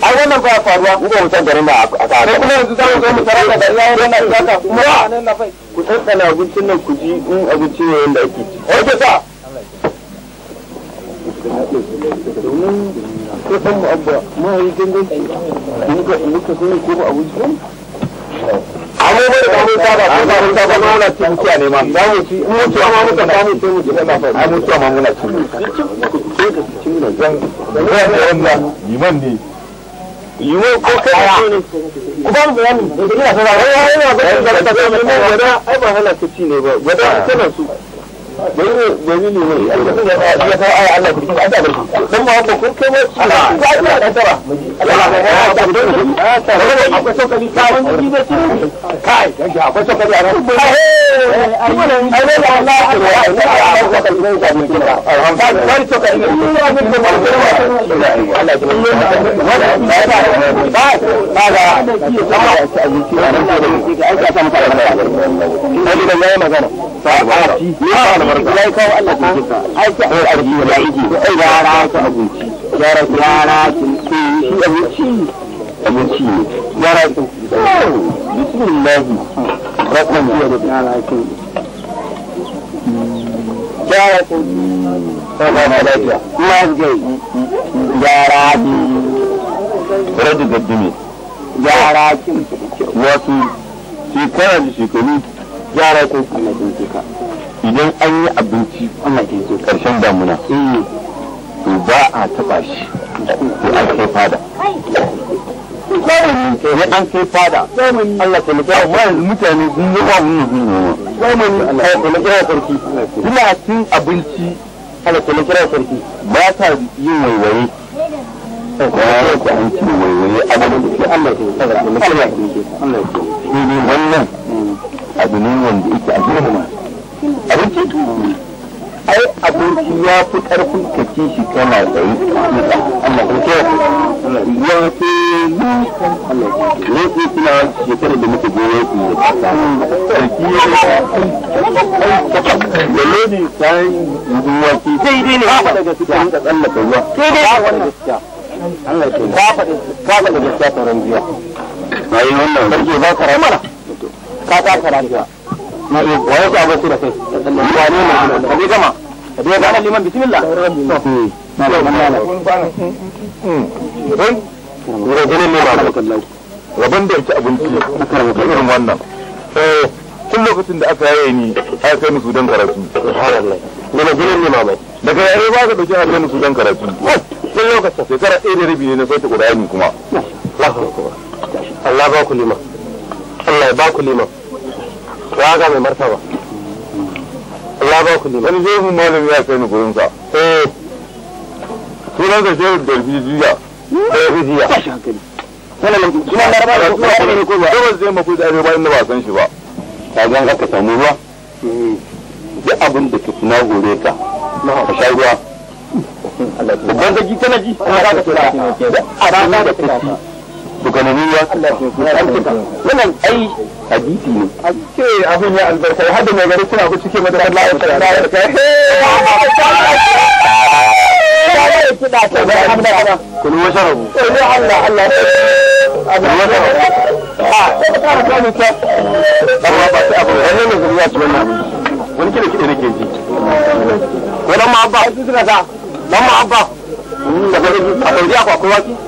Speaker 1: ai wannan ba faruwa mu ba mutan garin ba a tsara kuma yanzu za mu zo mu tsara da yayin wannan tsaka kuma wannan na fai ku tsantsana abincin nan ku ji in abinci ne yanda ake oke sa ko san mu abba mu yi gangan mun ga mun ka sani ko ba abinci amma bai da mun saba ko ba mun saba mun na cin kiya ne ma za mu ci mu ci amma muka samu sai mu ji da fa mu ci amma muna cin cin da zan zan da wannan liman ne yiwu ko kaya ku ba mu bayani da ina ba ci ne ba su dole Allah ya ma ka a a magana ya kawo Allah ta wasu shekara da shekaru idan an yi abinci ana ke ce karshen damuna eh, to ba a taba shi to an kai fada ne an kai fada Allah ta yanzu mutane sun yi mun yi Allah ta kira sarki ba ta yin waiwaye an ci waiwaye da Allah ta Allah ta wannan abu ne wanda yake a aiki to ai aboki ya fi karfin ka ci shi kana tsaye Allah kun ya fi ne ke da muka je ya fi sarki ya da lodi sayan ruwa ki sai dai ne ba daga da tsallaka ruwa sai dai ba daga cikin
Speaker 2: Allah ke ba ba
Speaker 1: daga cikin tsaron biya bayan wannan sarki ba ka ramana ka ta ka na iya wa da kai ne ma ka dai gama ka dai liman bismillah na da hmm. ne ba rabon da abinci a irin wannan eh, tun lokacin da aka yaye ni a kai karatu jinin ne daga yare ba ka dauki aka kai karatu tun lokacin shekara ɗaya da rabi ne na sauke ƙudayani kuma Allah ba ku lima Allah ba ku ya ga mai martaba Allah ba ku liman zai malam ya kai ni gurin sa eh sunan sa shehu dalbijiya dalbijiya tashi da ba ku ba ba zai mafi da ba inda ba san shi ba ta ga ka samu ruwa eh. duk abin da ke na gore ka ka sha ruwa babban da ji tana ji a ba ka tafi bukananiya wannan ai hadisi ne a ce abin ya albarka hada mai gari suna kuci ke madara Allah ya tsara ya kai kulu wasa rabu kulu Allah Allah kulu wasa rabu a sai ka fara gani ta amma ba sai abu wannan ne zuriya ce wannan wani kida kida nake ji ko dan ma abba suna da dan ma abba da a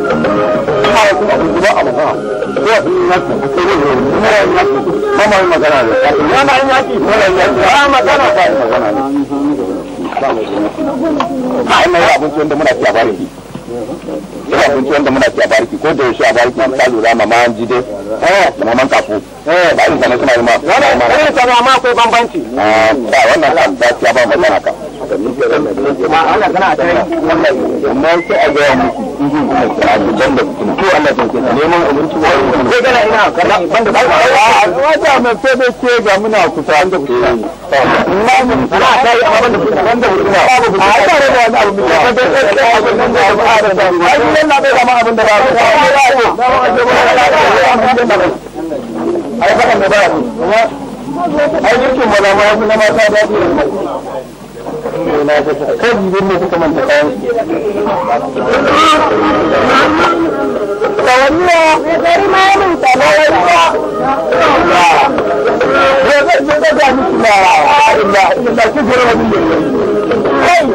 Speaker 1: abinci a bariki ko da yaushe a bariki ta lura mama an ji dai da maman kafo ba irin sanar suna yi ma gani ma akwai bambanci ba wannan kan gaskiya ba magana kan kuma ana gana a tare amma sai a na miki a cikin da kuma to Allah sauke ka neman abinci wa ko gana ina kana banda ba a wata mai fede ce ga muna kusa da kusa amma mun kana kai amma banda banda a tare da wani abu da da da ba da ai nan bai zama abin da ba ba ba ba ba ba ba ba ai dukkan wala ma wasu na mata da su kan jibin ne suka manta kayan gari ma ya ya zai zai da miki na wani ne kai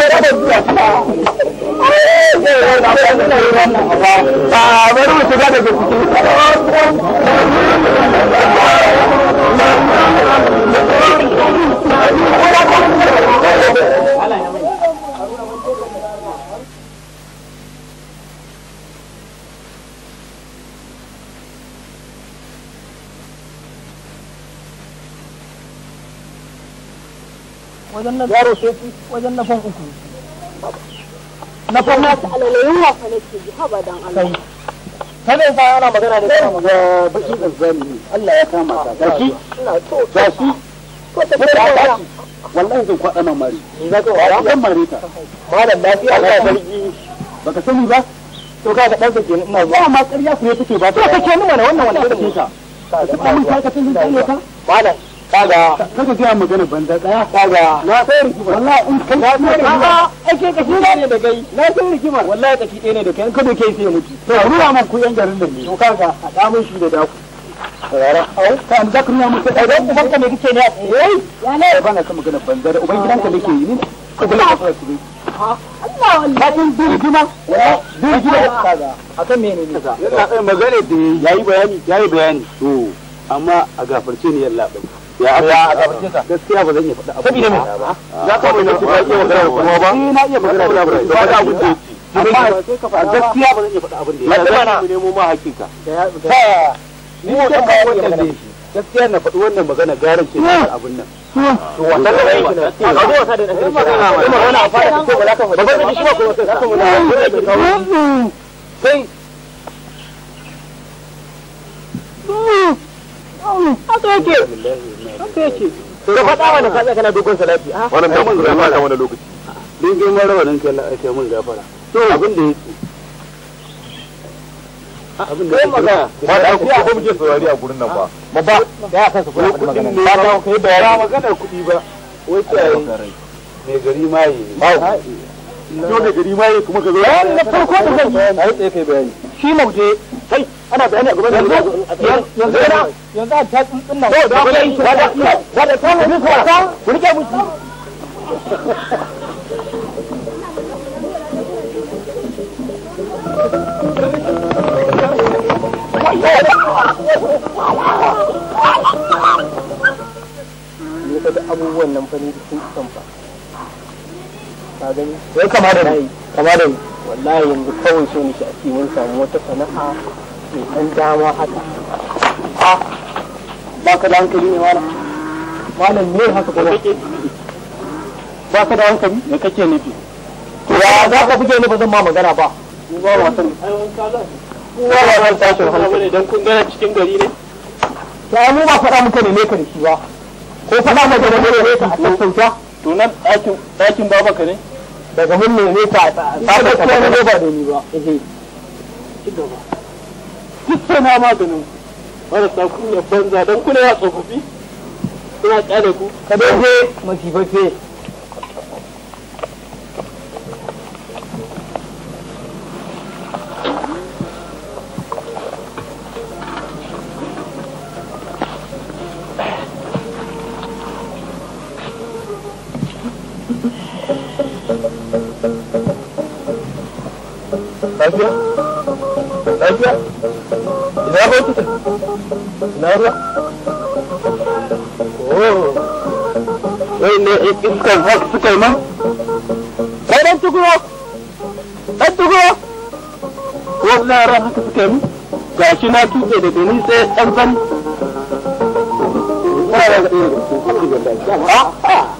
Speaker 1: bari mu shiga da ciki Thank you. wajen na yaro soki wajen fan uku na fan uku alalayin haba dan Allah ta ne fa ana magana da kan ga baki Allah ya kama ta gashi gashi ko ta ta wallahi zan kwada mamari za ka wara kan marita malam lafiya Allah ya sarki baka sani ba to kaga dan sa ina zuwa ma ƙarya ku ne take ba to kake nuna wannan wannan ka mun ka malam kaga kaga ga magana banza daya kaga na sai rigimar wallahi in kai na sai rigimar a ake ka shi ne da gai na sai rigimar wallahi ka kike ne da kai in ka doke sai ya mutu to ruwa man ku yan garin nan ne to kaga a damun shi da daku yara au ka an zakar ya mutu da ku barka me kike ne eh ya ne ba na ka magana banza da uban gidanka nake yi ne ka eh. ka kula da su Allah wallahi bakin dirgima dirgima kaga akan menene kaga yana eh, magana da yayi bayani yayi bayani to amma a gafarce ne yalla bai ya gaskiya ba zan iya faɗa abu ba ya ka bai nake ba iya magana kuma ba ni na iya magana da abu ba da guje amma gaskiya ba zan iya faɗa abin da ya zama mu nemo ma hakinka ta ni wannan ba wannan ne gaskiya na faɗi wannan magana garin ce na abin nan to wannan da yake na ce ga wata da nake magana ma magana a fara ko ba za ka faɗa ba zan shi ba ko za ka mu na sai Haka yake. haka faɗa ka dogon salati a ah, wannan da wani lokaci din din kai la ake mun gafara to abin da yake ah, abin da yake ba da ku ko muke saurari a gurin nan ba ba ya ba ta kai bayani ba magana kuɗi ba wai gari ne gari kuma ka zo na farko da a kai bayani shi kai ana bayani a gaban yanzu yanzu da yanzu a ta tsuntsun to da kai ba da ba da kawo ni ko ka ku rike mu Ni ka da abubuwan nan fa ni sun san fa. Ka gani? Wai kama da ni. Kama da ni. Wallahi yanzu kawai so nake a ce mun samu wata sana'a mai dama haka a ah, ba ka da hankali ne ne haka ba ka da hankali kake nufi ya za ka buge ni ba zan ma magana ba ba hankali kun gana cikin gari ne mu ba ne ka shi ba ko da ne ka a to nan ɗakin ɗakin ne daga mun ne ne duk sai na maganin ku marasa kunya banza don kuna ya tsofaffi kuna kyale ku ka dai Thank you. lafiya ina ba kuta ina ruwa oh. wai ne iskar haka suka yi ma kai dan tukuro dan tukuro wannan ran haka suka yi ga shi na tuke da gani sai ɗan fani Ah! ah.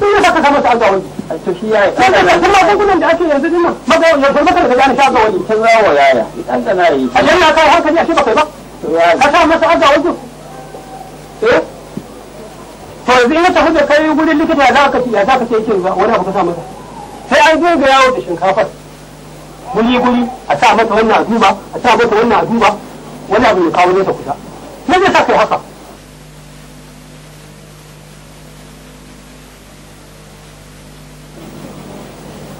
Speaker 1: sun yi saka samun sa'aga wani to shi yaya kan da kuma magungunan da ake yanzu dinnan maza yanzu maka da gane sa'aga wani kin rawa yaya dan da na yi a janna kai hankali a ce ba kai ba ka sa masa aga wani eh to yanzu in tafi da kai gurin likita ya za ka ci ya za ka ce yake wani abu ka sa masa sai an goga yawo da shinkafar guri guri a sa masa wannan a duba a sa masa wannan a duba wani abu ya kawo nesa kusa me zai sa kai haka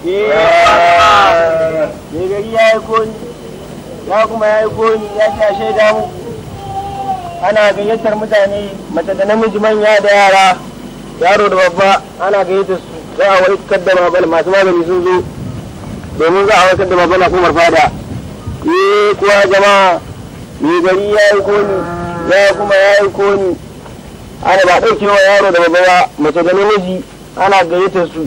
Speaker 1: mai gari ya yi koni ya kuma ya yi koni ya ce a shaida mu ana gayyatar mutane mace da namiji manya da yara yaro da babba ana gayyatar su za a wani kadda babal masu magani sun zo domin za a wani kadda babal masu fada eh kuwa jama'a mai gari ya yi koni ya kuma ya yi koni ana ba ɗaukewa yaro da babba ba mace da namiji ana gayyatar su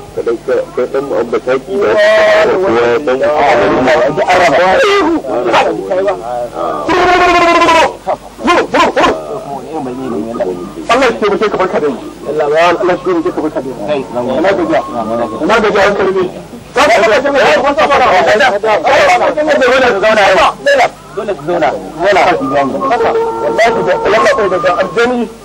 Speaker 1: ka dauka ka dan mu ambata ki da kuma dan mu Allah ya taimake ka barka da yi. Allah ya Allah ya taimake ka barka da yi. Ina gajiya. Ina gajiya an karbe. Ka ka ka ka ka ka ka ka ka ka ka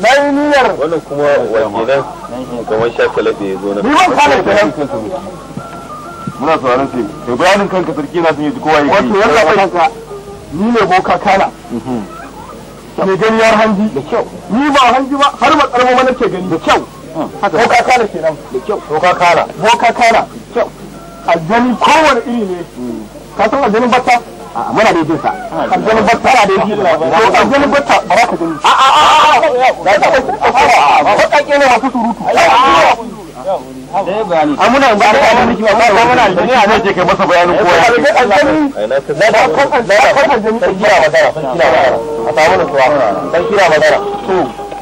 Speaker 1: na yi niyyar wannan kuma wakilan kamar shakala da ya zo na biyu kwanan kenan muna sauran sai kai bayanin kanka sarki na sun yi kowa yake wato yalla bai kanka ni ne boka kana mhm. me gani yar hanji da kyau ni ba hanji ba har ba karbo ba nake gani da kyau hmm. boka kana kenan da kyau boka kana boka kana kyau aljani kowane iri ne hmm. ka san aljanin bata a muna da jinsa aljanu battara da ji to aljanu batta ba za ka gani a a a a ba ka kene masu surutu a muna ba ka da miki ba ba muna da ni a ne je kai masa bayanin kowa aljanu da da kan aljanu da kan aljanu kira madara a samu da suwa kan kira madara to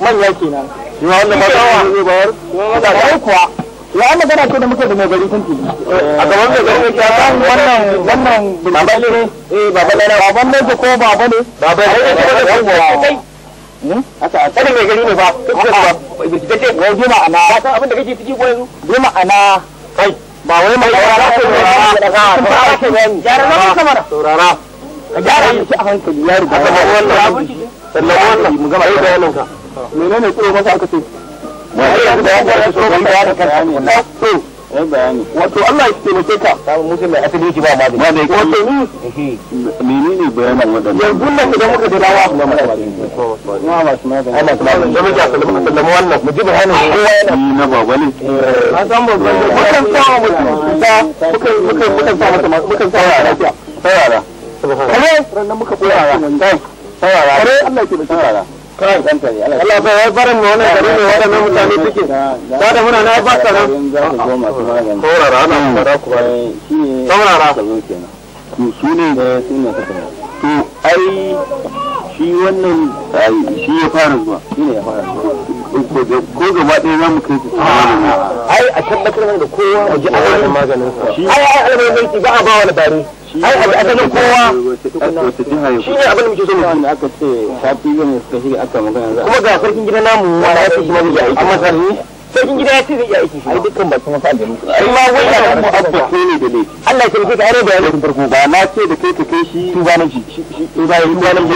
Speaker 1: manya kenan yawa wannan ba ta zai bayar da ga kuwa ya an magana ce da muke da mai gari tun a gaban mai gari yake kan wannan wannan baba ne eh baba ne baban ne ko baba ne baba ne ne hmm? haka a tsare mai gari ne ba kace wai bi ma'ana ka san abin da kake ciki ko yanzu bi ma'ana kai ba wai mai saurara ko saurara ba ka gani jarana ka mana saurara ka gyara ki a hankali ya riga ka wannan sannan ma mu gama da wannan ka menene kuro masa aka ce wato Allah ya ka asali ki ba wato ni bayanin wadannan yanzu muka da muke sallama sallama wannan mu ji bayanin kowa yana an san mutum wa kare ran muka wa kare Allah ya kawai kanta ne Allah ya yi barin mu wannan gari ne waɗannan mutane suke ba da muna na ba ka nan saurara na fara ku ba saurara to su ne da su ne ka to ai shi wannan shi ya fara zuwa shi ne ya fara zuwa ko gaba ɗaya za mu kai su ah. ai a tabbatar da kowa a ji a wani maganin sa ai ai albarkaci ba a ba wani ai abu asalin kowa shi ne abin da muke so mu aka ce sati yau ne aka magana kuma ga sarkin gidan namu wala ya fi shi aiki sarkin gida ya ce zai iya aiki shi ai dukkan ba kuma ai ma wannan abu abba ke ne da ne Allah ya sarki tare da yaron farko ba na ce da kai ka kai shi tun zanen shi tun zanen shi tun zanen shi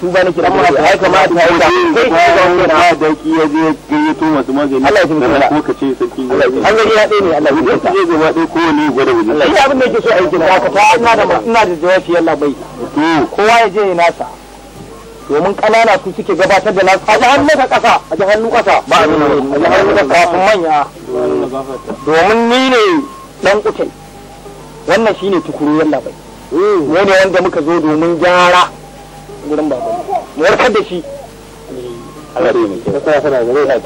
Speaker 1: tun zanen shi amma ai kamata ya da kai ka ga wannan ba da ki ya je gayyato masu magani Allah ya sarki ko ka ce sarkin gida Allah ya dai ne Allah ya sarki zai gaba dai ko ne gwada wani Allah ya abin da yake so aiki na ka ta ina da ina da jawabi Allah bai to kowa ya je ya nasa domin kanana su suke gabatar da nasu a ji hannu ka kasa a ji hannu kasa ba a ji hannu kasa kafin manya domin ni ne dan kutai wannan shi ne tukuru yalla bai mu hmm. ne wanda muka zo domin gyara gurin baba mu warkar da shi Allah ya Allah ya da eh,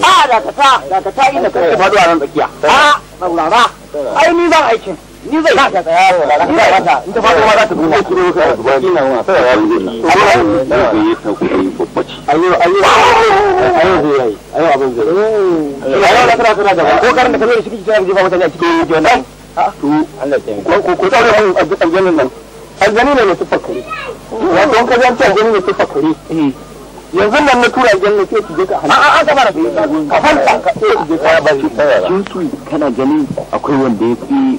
Speaker 1: ah, a da ta da ta ina a ai ni zan ni zai ba ka ni zai mata in ta fado ma za ta duna ki ne ka ba ki na wa sai ya yi ni Allah ya yi ta ku yi babbaci ayo ayo ayo zai yi ayo abin zai yi ayo da kana kana da ko karin da kazo shi kike tsaya ji ba mutane a cikin yi wannan to Allah ya yi ko ko tsare mun a cikin jannin nan aljani ne mutu fakuri wato ka zan ta aljani ne mutu fakuri yanzu nan na tura jannin sai ki je ka hannu a'a ka fara ka fara ka sai je ka ba kana ganin akwai wanda ya fi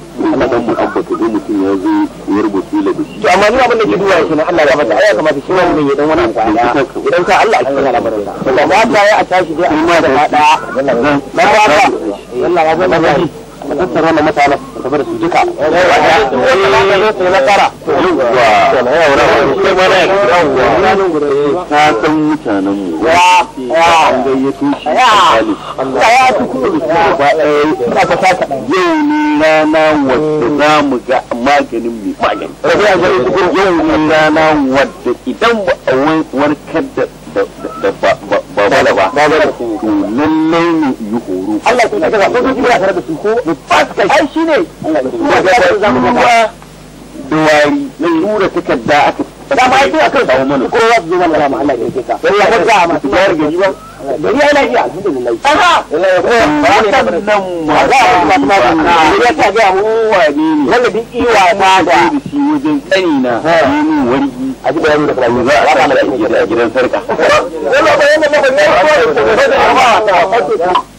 Speaker 1: Allah mu tabbata dai mutum ya zo ya rubuta da shi to amma ni abin da ke duba Allah ya bata ya kamata shi wannan ya dan wani abu idan ka Allah a cikin al'amarin sa to amma Allah ya a tashi dai amma da fada wannan ba ka tattara wannan mutanen ka tafi da su duka mutanen mu yau ne rana wadda za mu ga maganin mai yau ne rana wadda idan ba a warkar da ba ba malama ba lallai ne yi horo Allah ya kaga ko da su ko ba su ai shine duwari takarda aka da ba mana ko za su zo mana rama Allah ya kike Allah ya kaga ma su bayar gari ba gari ai lafiya alhamdulillah aha ba nan ma ba ba ma ba ya ta ga mu wani ne wanda duk iwa ta shi wajen tsani na ni wani a ji bayan da kwayo za a kama da gidan sarka. Yana bayan da kwayo ne ko da ba ta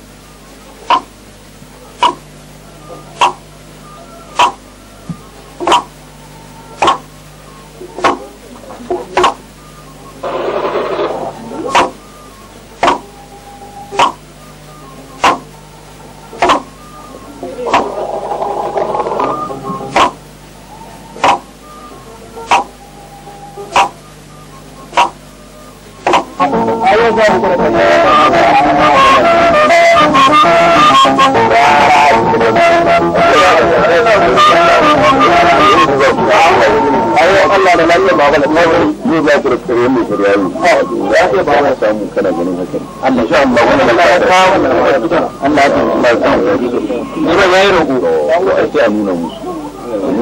Speaker 1: a nuna musu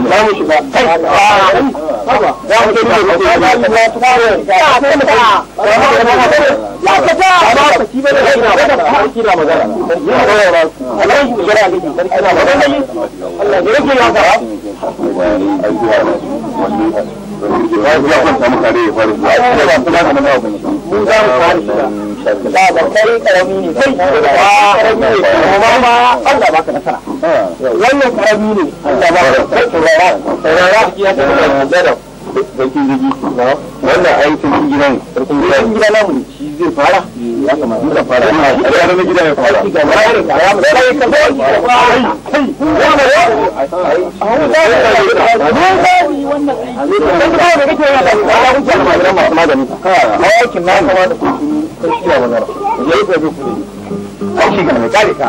Speaker 1: za mu shiga kai za mu shiga kai za mu shiga kai wannan karami ne Allah ba ka saurara saurara ki ya tafi da da sarkin jirgi wannan ai sarkin gida ne sarkin namu ne shi zai fara ya kamata fara a yaran na gida ya fara ga mai da ya mai ka zo ki ka fara kai ya mai ya wannan
Speaker 2: aiki da kake yi
Speaker 1: da ba ku ta magana masu magani ka aikin na kamata ku ku shirya wannan ya yi da ku ne aiki ga mai kare ka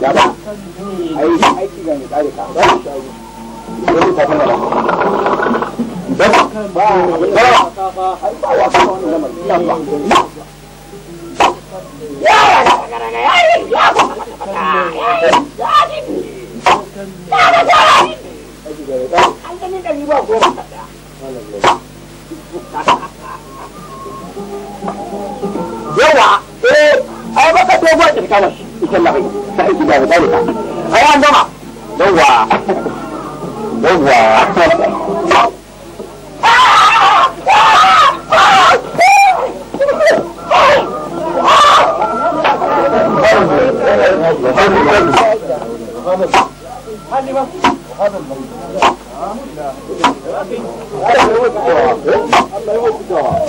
Speaker 1: gaba aiki aiki ga tsari ka ba shi shago ba ba ba ba ai ba wa ka wannan lamar ya ba ya ya ya yawa eh ai baka dogon tsirkamar inshallah bai sai ki da dai ka ai an gama yawa yawa Thank you.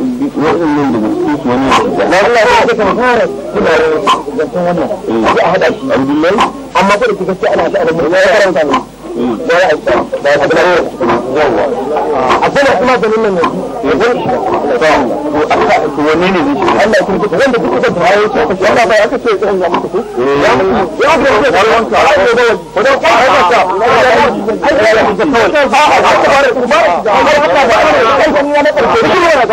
Speaker 1: وإن من لا لا لا تكفارك كلها جسمنا أحد عبد الله أما قلت كنت أنا أنا لا لا لا لا لا لا لا لا لا لا لا لا لا لا wanne zai shiga Allah wanda da hawo ku aka ce zan muku ya ya ka ka ai da ya muku kawai ha ha ha ka bare ku ba da Allah ka ba ai kun ya na karfe shi ne na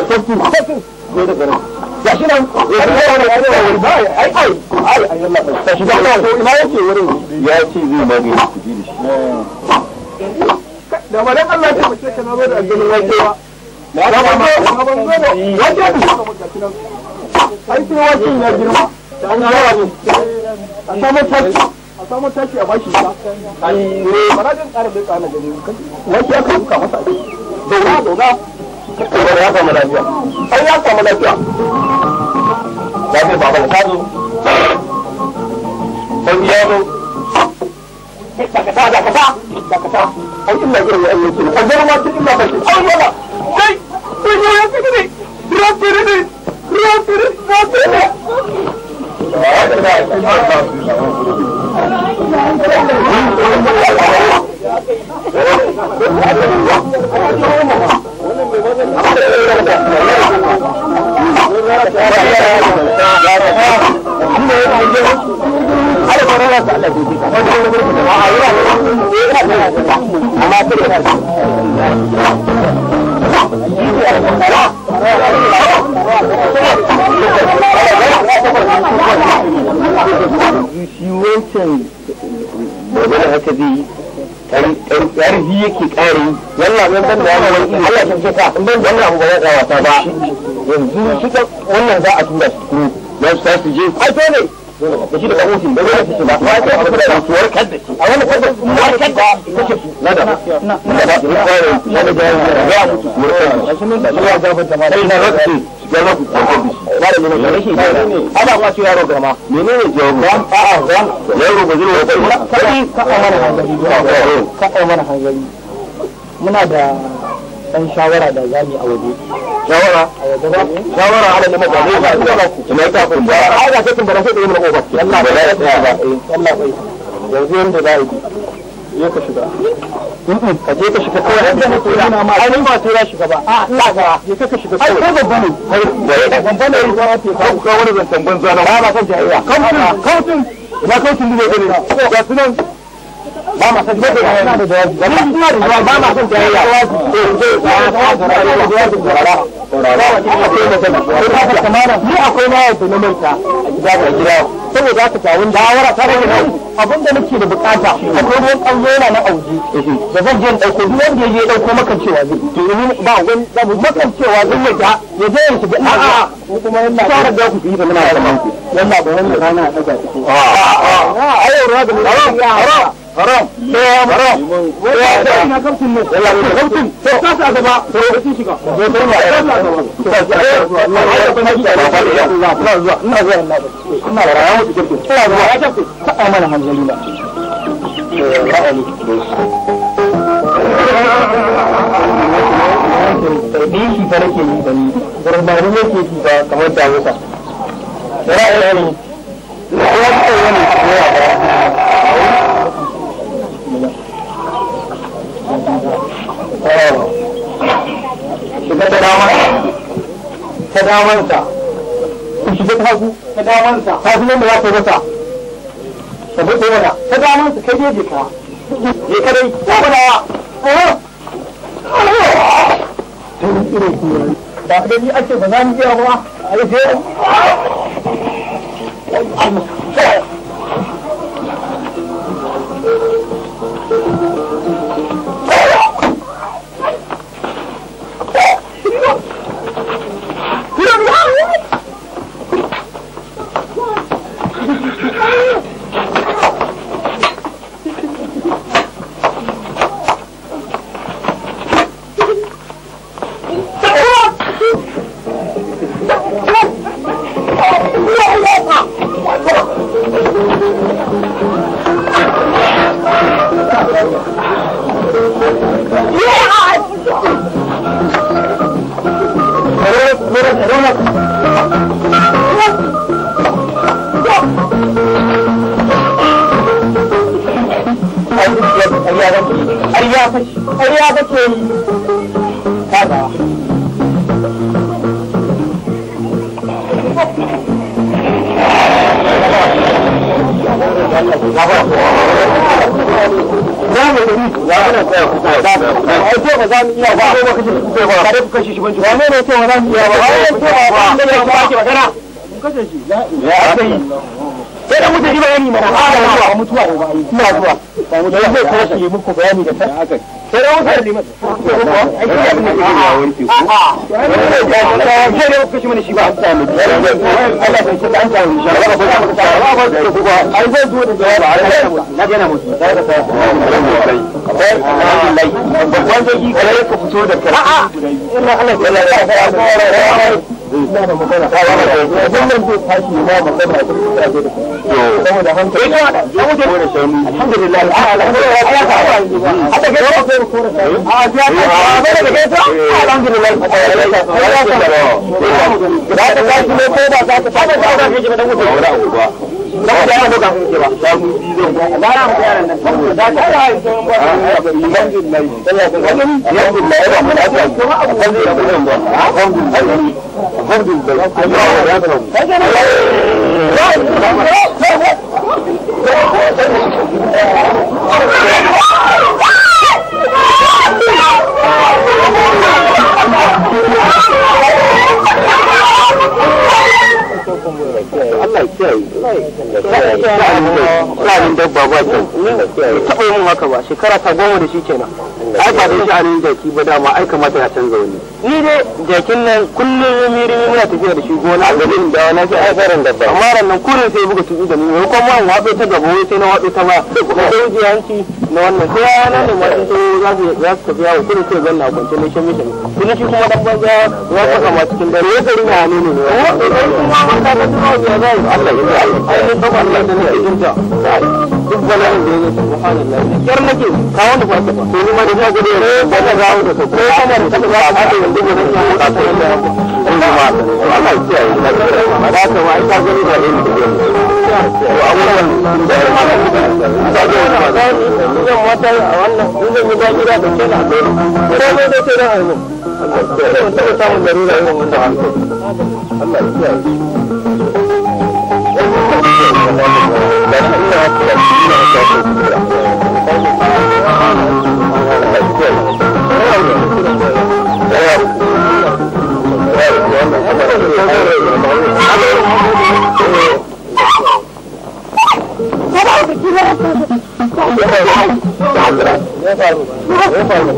Speaker 1: kai ya ya ya ga shi nan ai ai ai ai Allah ta shi nan ko ina yake wurin ya ce zai mage shi kudi da shi eh. da madan Allah ta mace ka na zo da aljannin wakewa da ma ba ban zo da wake ai sai wakin ya girma da an ne a samu taki a samu taki a bashi ta ai ne ba da jin ƙara bai ƙana gani wake ya ka masa ban wannan abu ba wasa ba yanzu shi wannan za a tura su kuma ya sa su je da shi da da su ba da su na da na da su kware na da ya mutu shi da ma sai na shi ba da rashin ba yaro menene ba a yaro ba muna da ɗan shawara da za mu a waje shawara a waje ba shawara ala lima da ba ku ta kun ba ga sai ba sai da mun Allah ba ya tsaya ba Allah yanzu yanda za a yi ya ka shiga ka je ka shiga kawai ba shiga ba a ba ya ka shiga kawai ai babba ne ai babba ne ka wani banza na ba ba kan kautin kautin ina kautin ne ne ga sunan ba ma san da jawabi wannan da ba ma san jayayya to to ba ma san jawabi saurara saurara ni akwai ma yadda na gida da saboda haka ta wanda awara ta rage abin da nake da bukata akwai ruwan kallo na na auji da dauko duk wanda ba aa makancewa zai ya ga ya je ya shiga a'a yana aa da ku yi rana ta ga ku a'a a'a a'a a'a haram haram haram wai na ba ne ba kaftin ba ta ba to ba shiga ba ka ba gaba ba ka ba gaba ba ka ba gaba ba zuwa ba zuwa ba zuwa ba rawa ba jirgin ba zuwa ya ta ba amana ba Ɗin ba ta ba yi ba ni, ba ne ba shi ba kamar damuka. Ra'ayi ne, na ba yana ba yawa ba. shiga ta ta ta hagu ta ta da za ta rasa ta bude mana ta ake ba za shugabanci wane ne cewa za mu iya ba wane cewa ba mu da ba ki magana kuma kace shi ya sai sai da mutum kuma mana ba mutuwa ba ina kuma ba mutuwa zai kawo shi kuma bayani da sai kuma sai da wutar kuma mata ai shi abin da kuma ya wanke ku sai da kuka shi mana shi kuma Allah sai shi an samu kuma ba ba ba ba ba kuma ba ai zai zo da kuma na ga na mutu da da sai kuma wallahi ban zai yi kare ka fito da kai suna ana kula da ta da ina da magana ta wani da yanzu nan zai tashi ma magana ta kuka da to saboda hankali ina da ya wuce ko da shanu alhamdulillah alhamdulillah ya ka ba a ta ga ko ko da shanu a ya ka ba da ga ta alhamdulillah ya ka ba da ta tashi ne ko ba za ta ta ba da ga ji da mutum Zama da ba. Za mu bi zan ba. Za mu yaran nan. Saboda da Kuma da Allah ya kiyaye tsarin dabba ba kyau bai taɓa yin haka ba shekara ta goma da shi kenan ai ba da sha'anin jaki ba dama ai kamata ya canza wani ni dai jakin nan kullum rumi rumi muna tafiya da shi gona a garin da wani shi ai tsarin dabba amma ran nan kurin sai buga tuki da ni ko kuma in watsa ta gaba sai na watsa ta ba hanci na wannan kowa ya nan ne masu sun za su za su tafi yawo kuma sai zanna a kwance mishin mishin kuma shi kuma dan banza ya saka ma cikin dare ya gari na ne ne ya kuma wanda da ta ya zai Allah ya yi Allah ya yi Allah ya yi Allah ya ta. duk da ya zo subhanallah kyar nake kawo da fata ba ko ma da ya gudu ya ba ta gawo da ko kuma da ta ba a da ne ta ko Allah ya gani da da ma da ta zan wannan zan yi da da ko ne da ke da Allah ya Allah ya Ya faru, ya faru.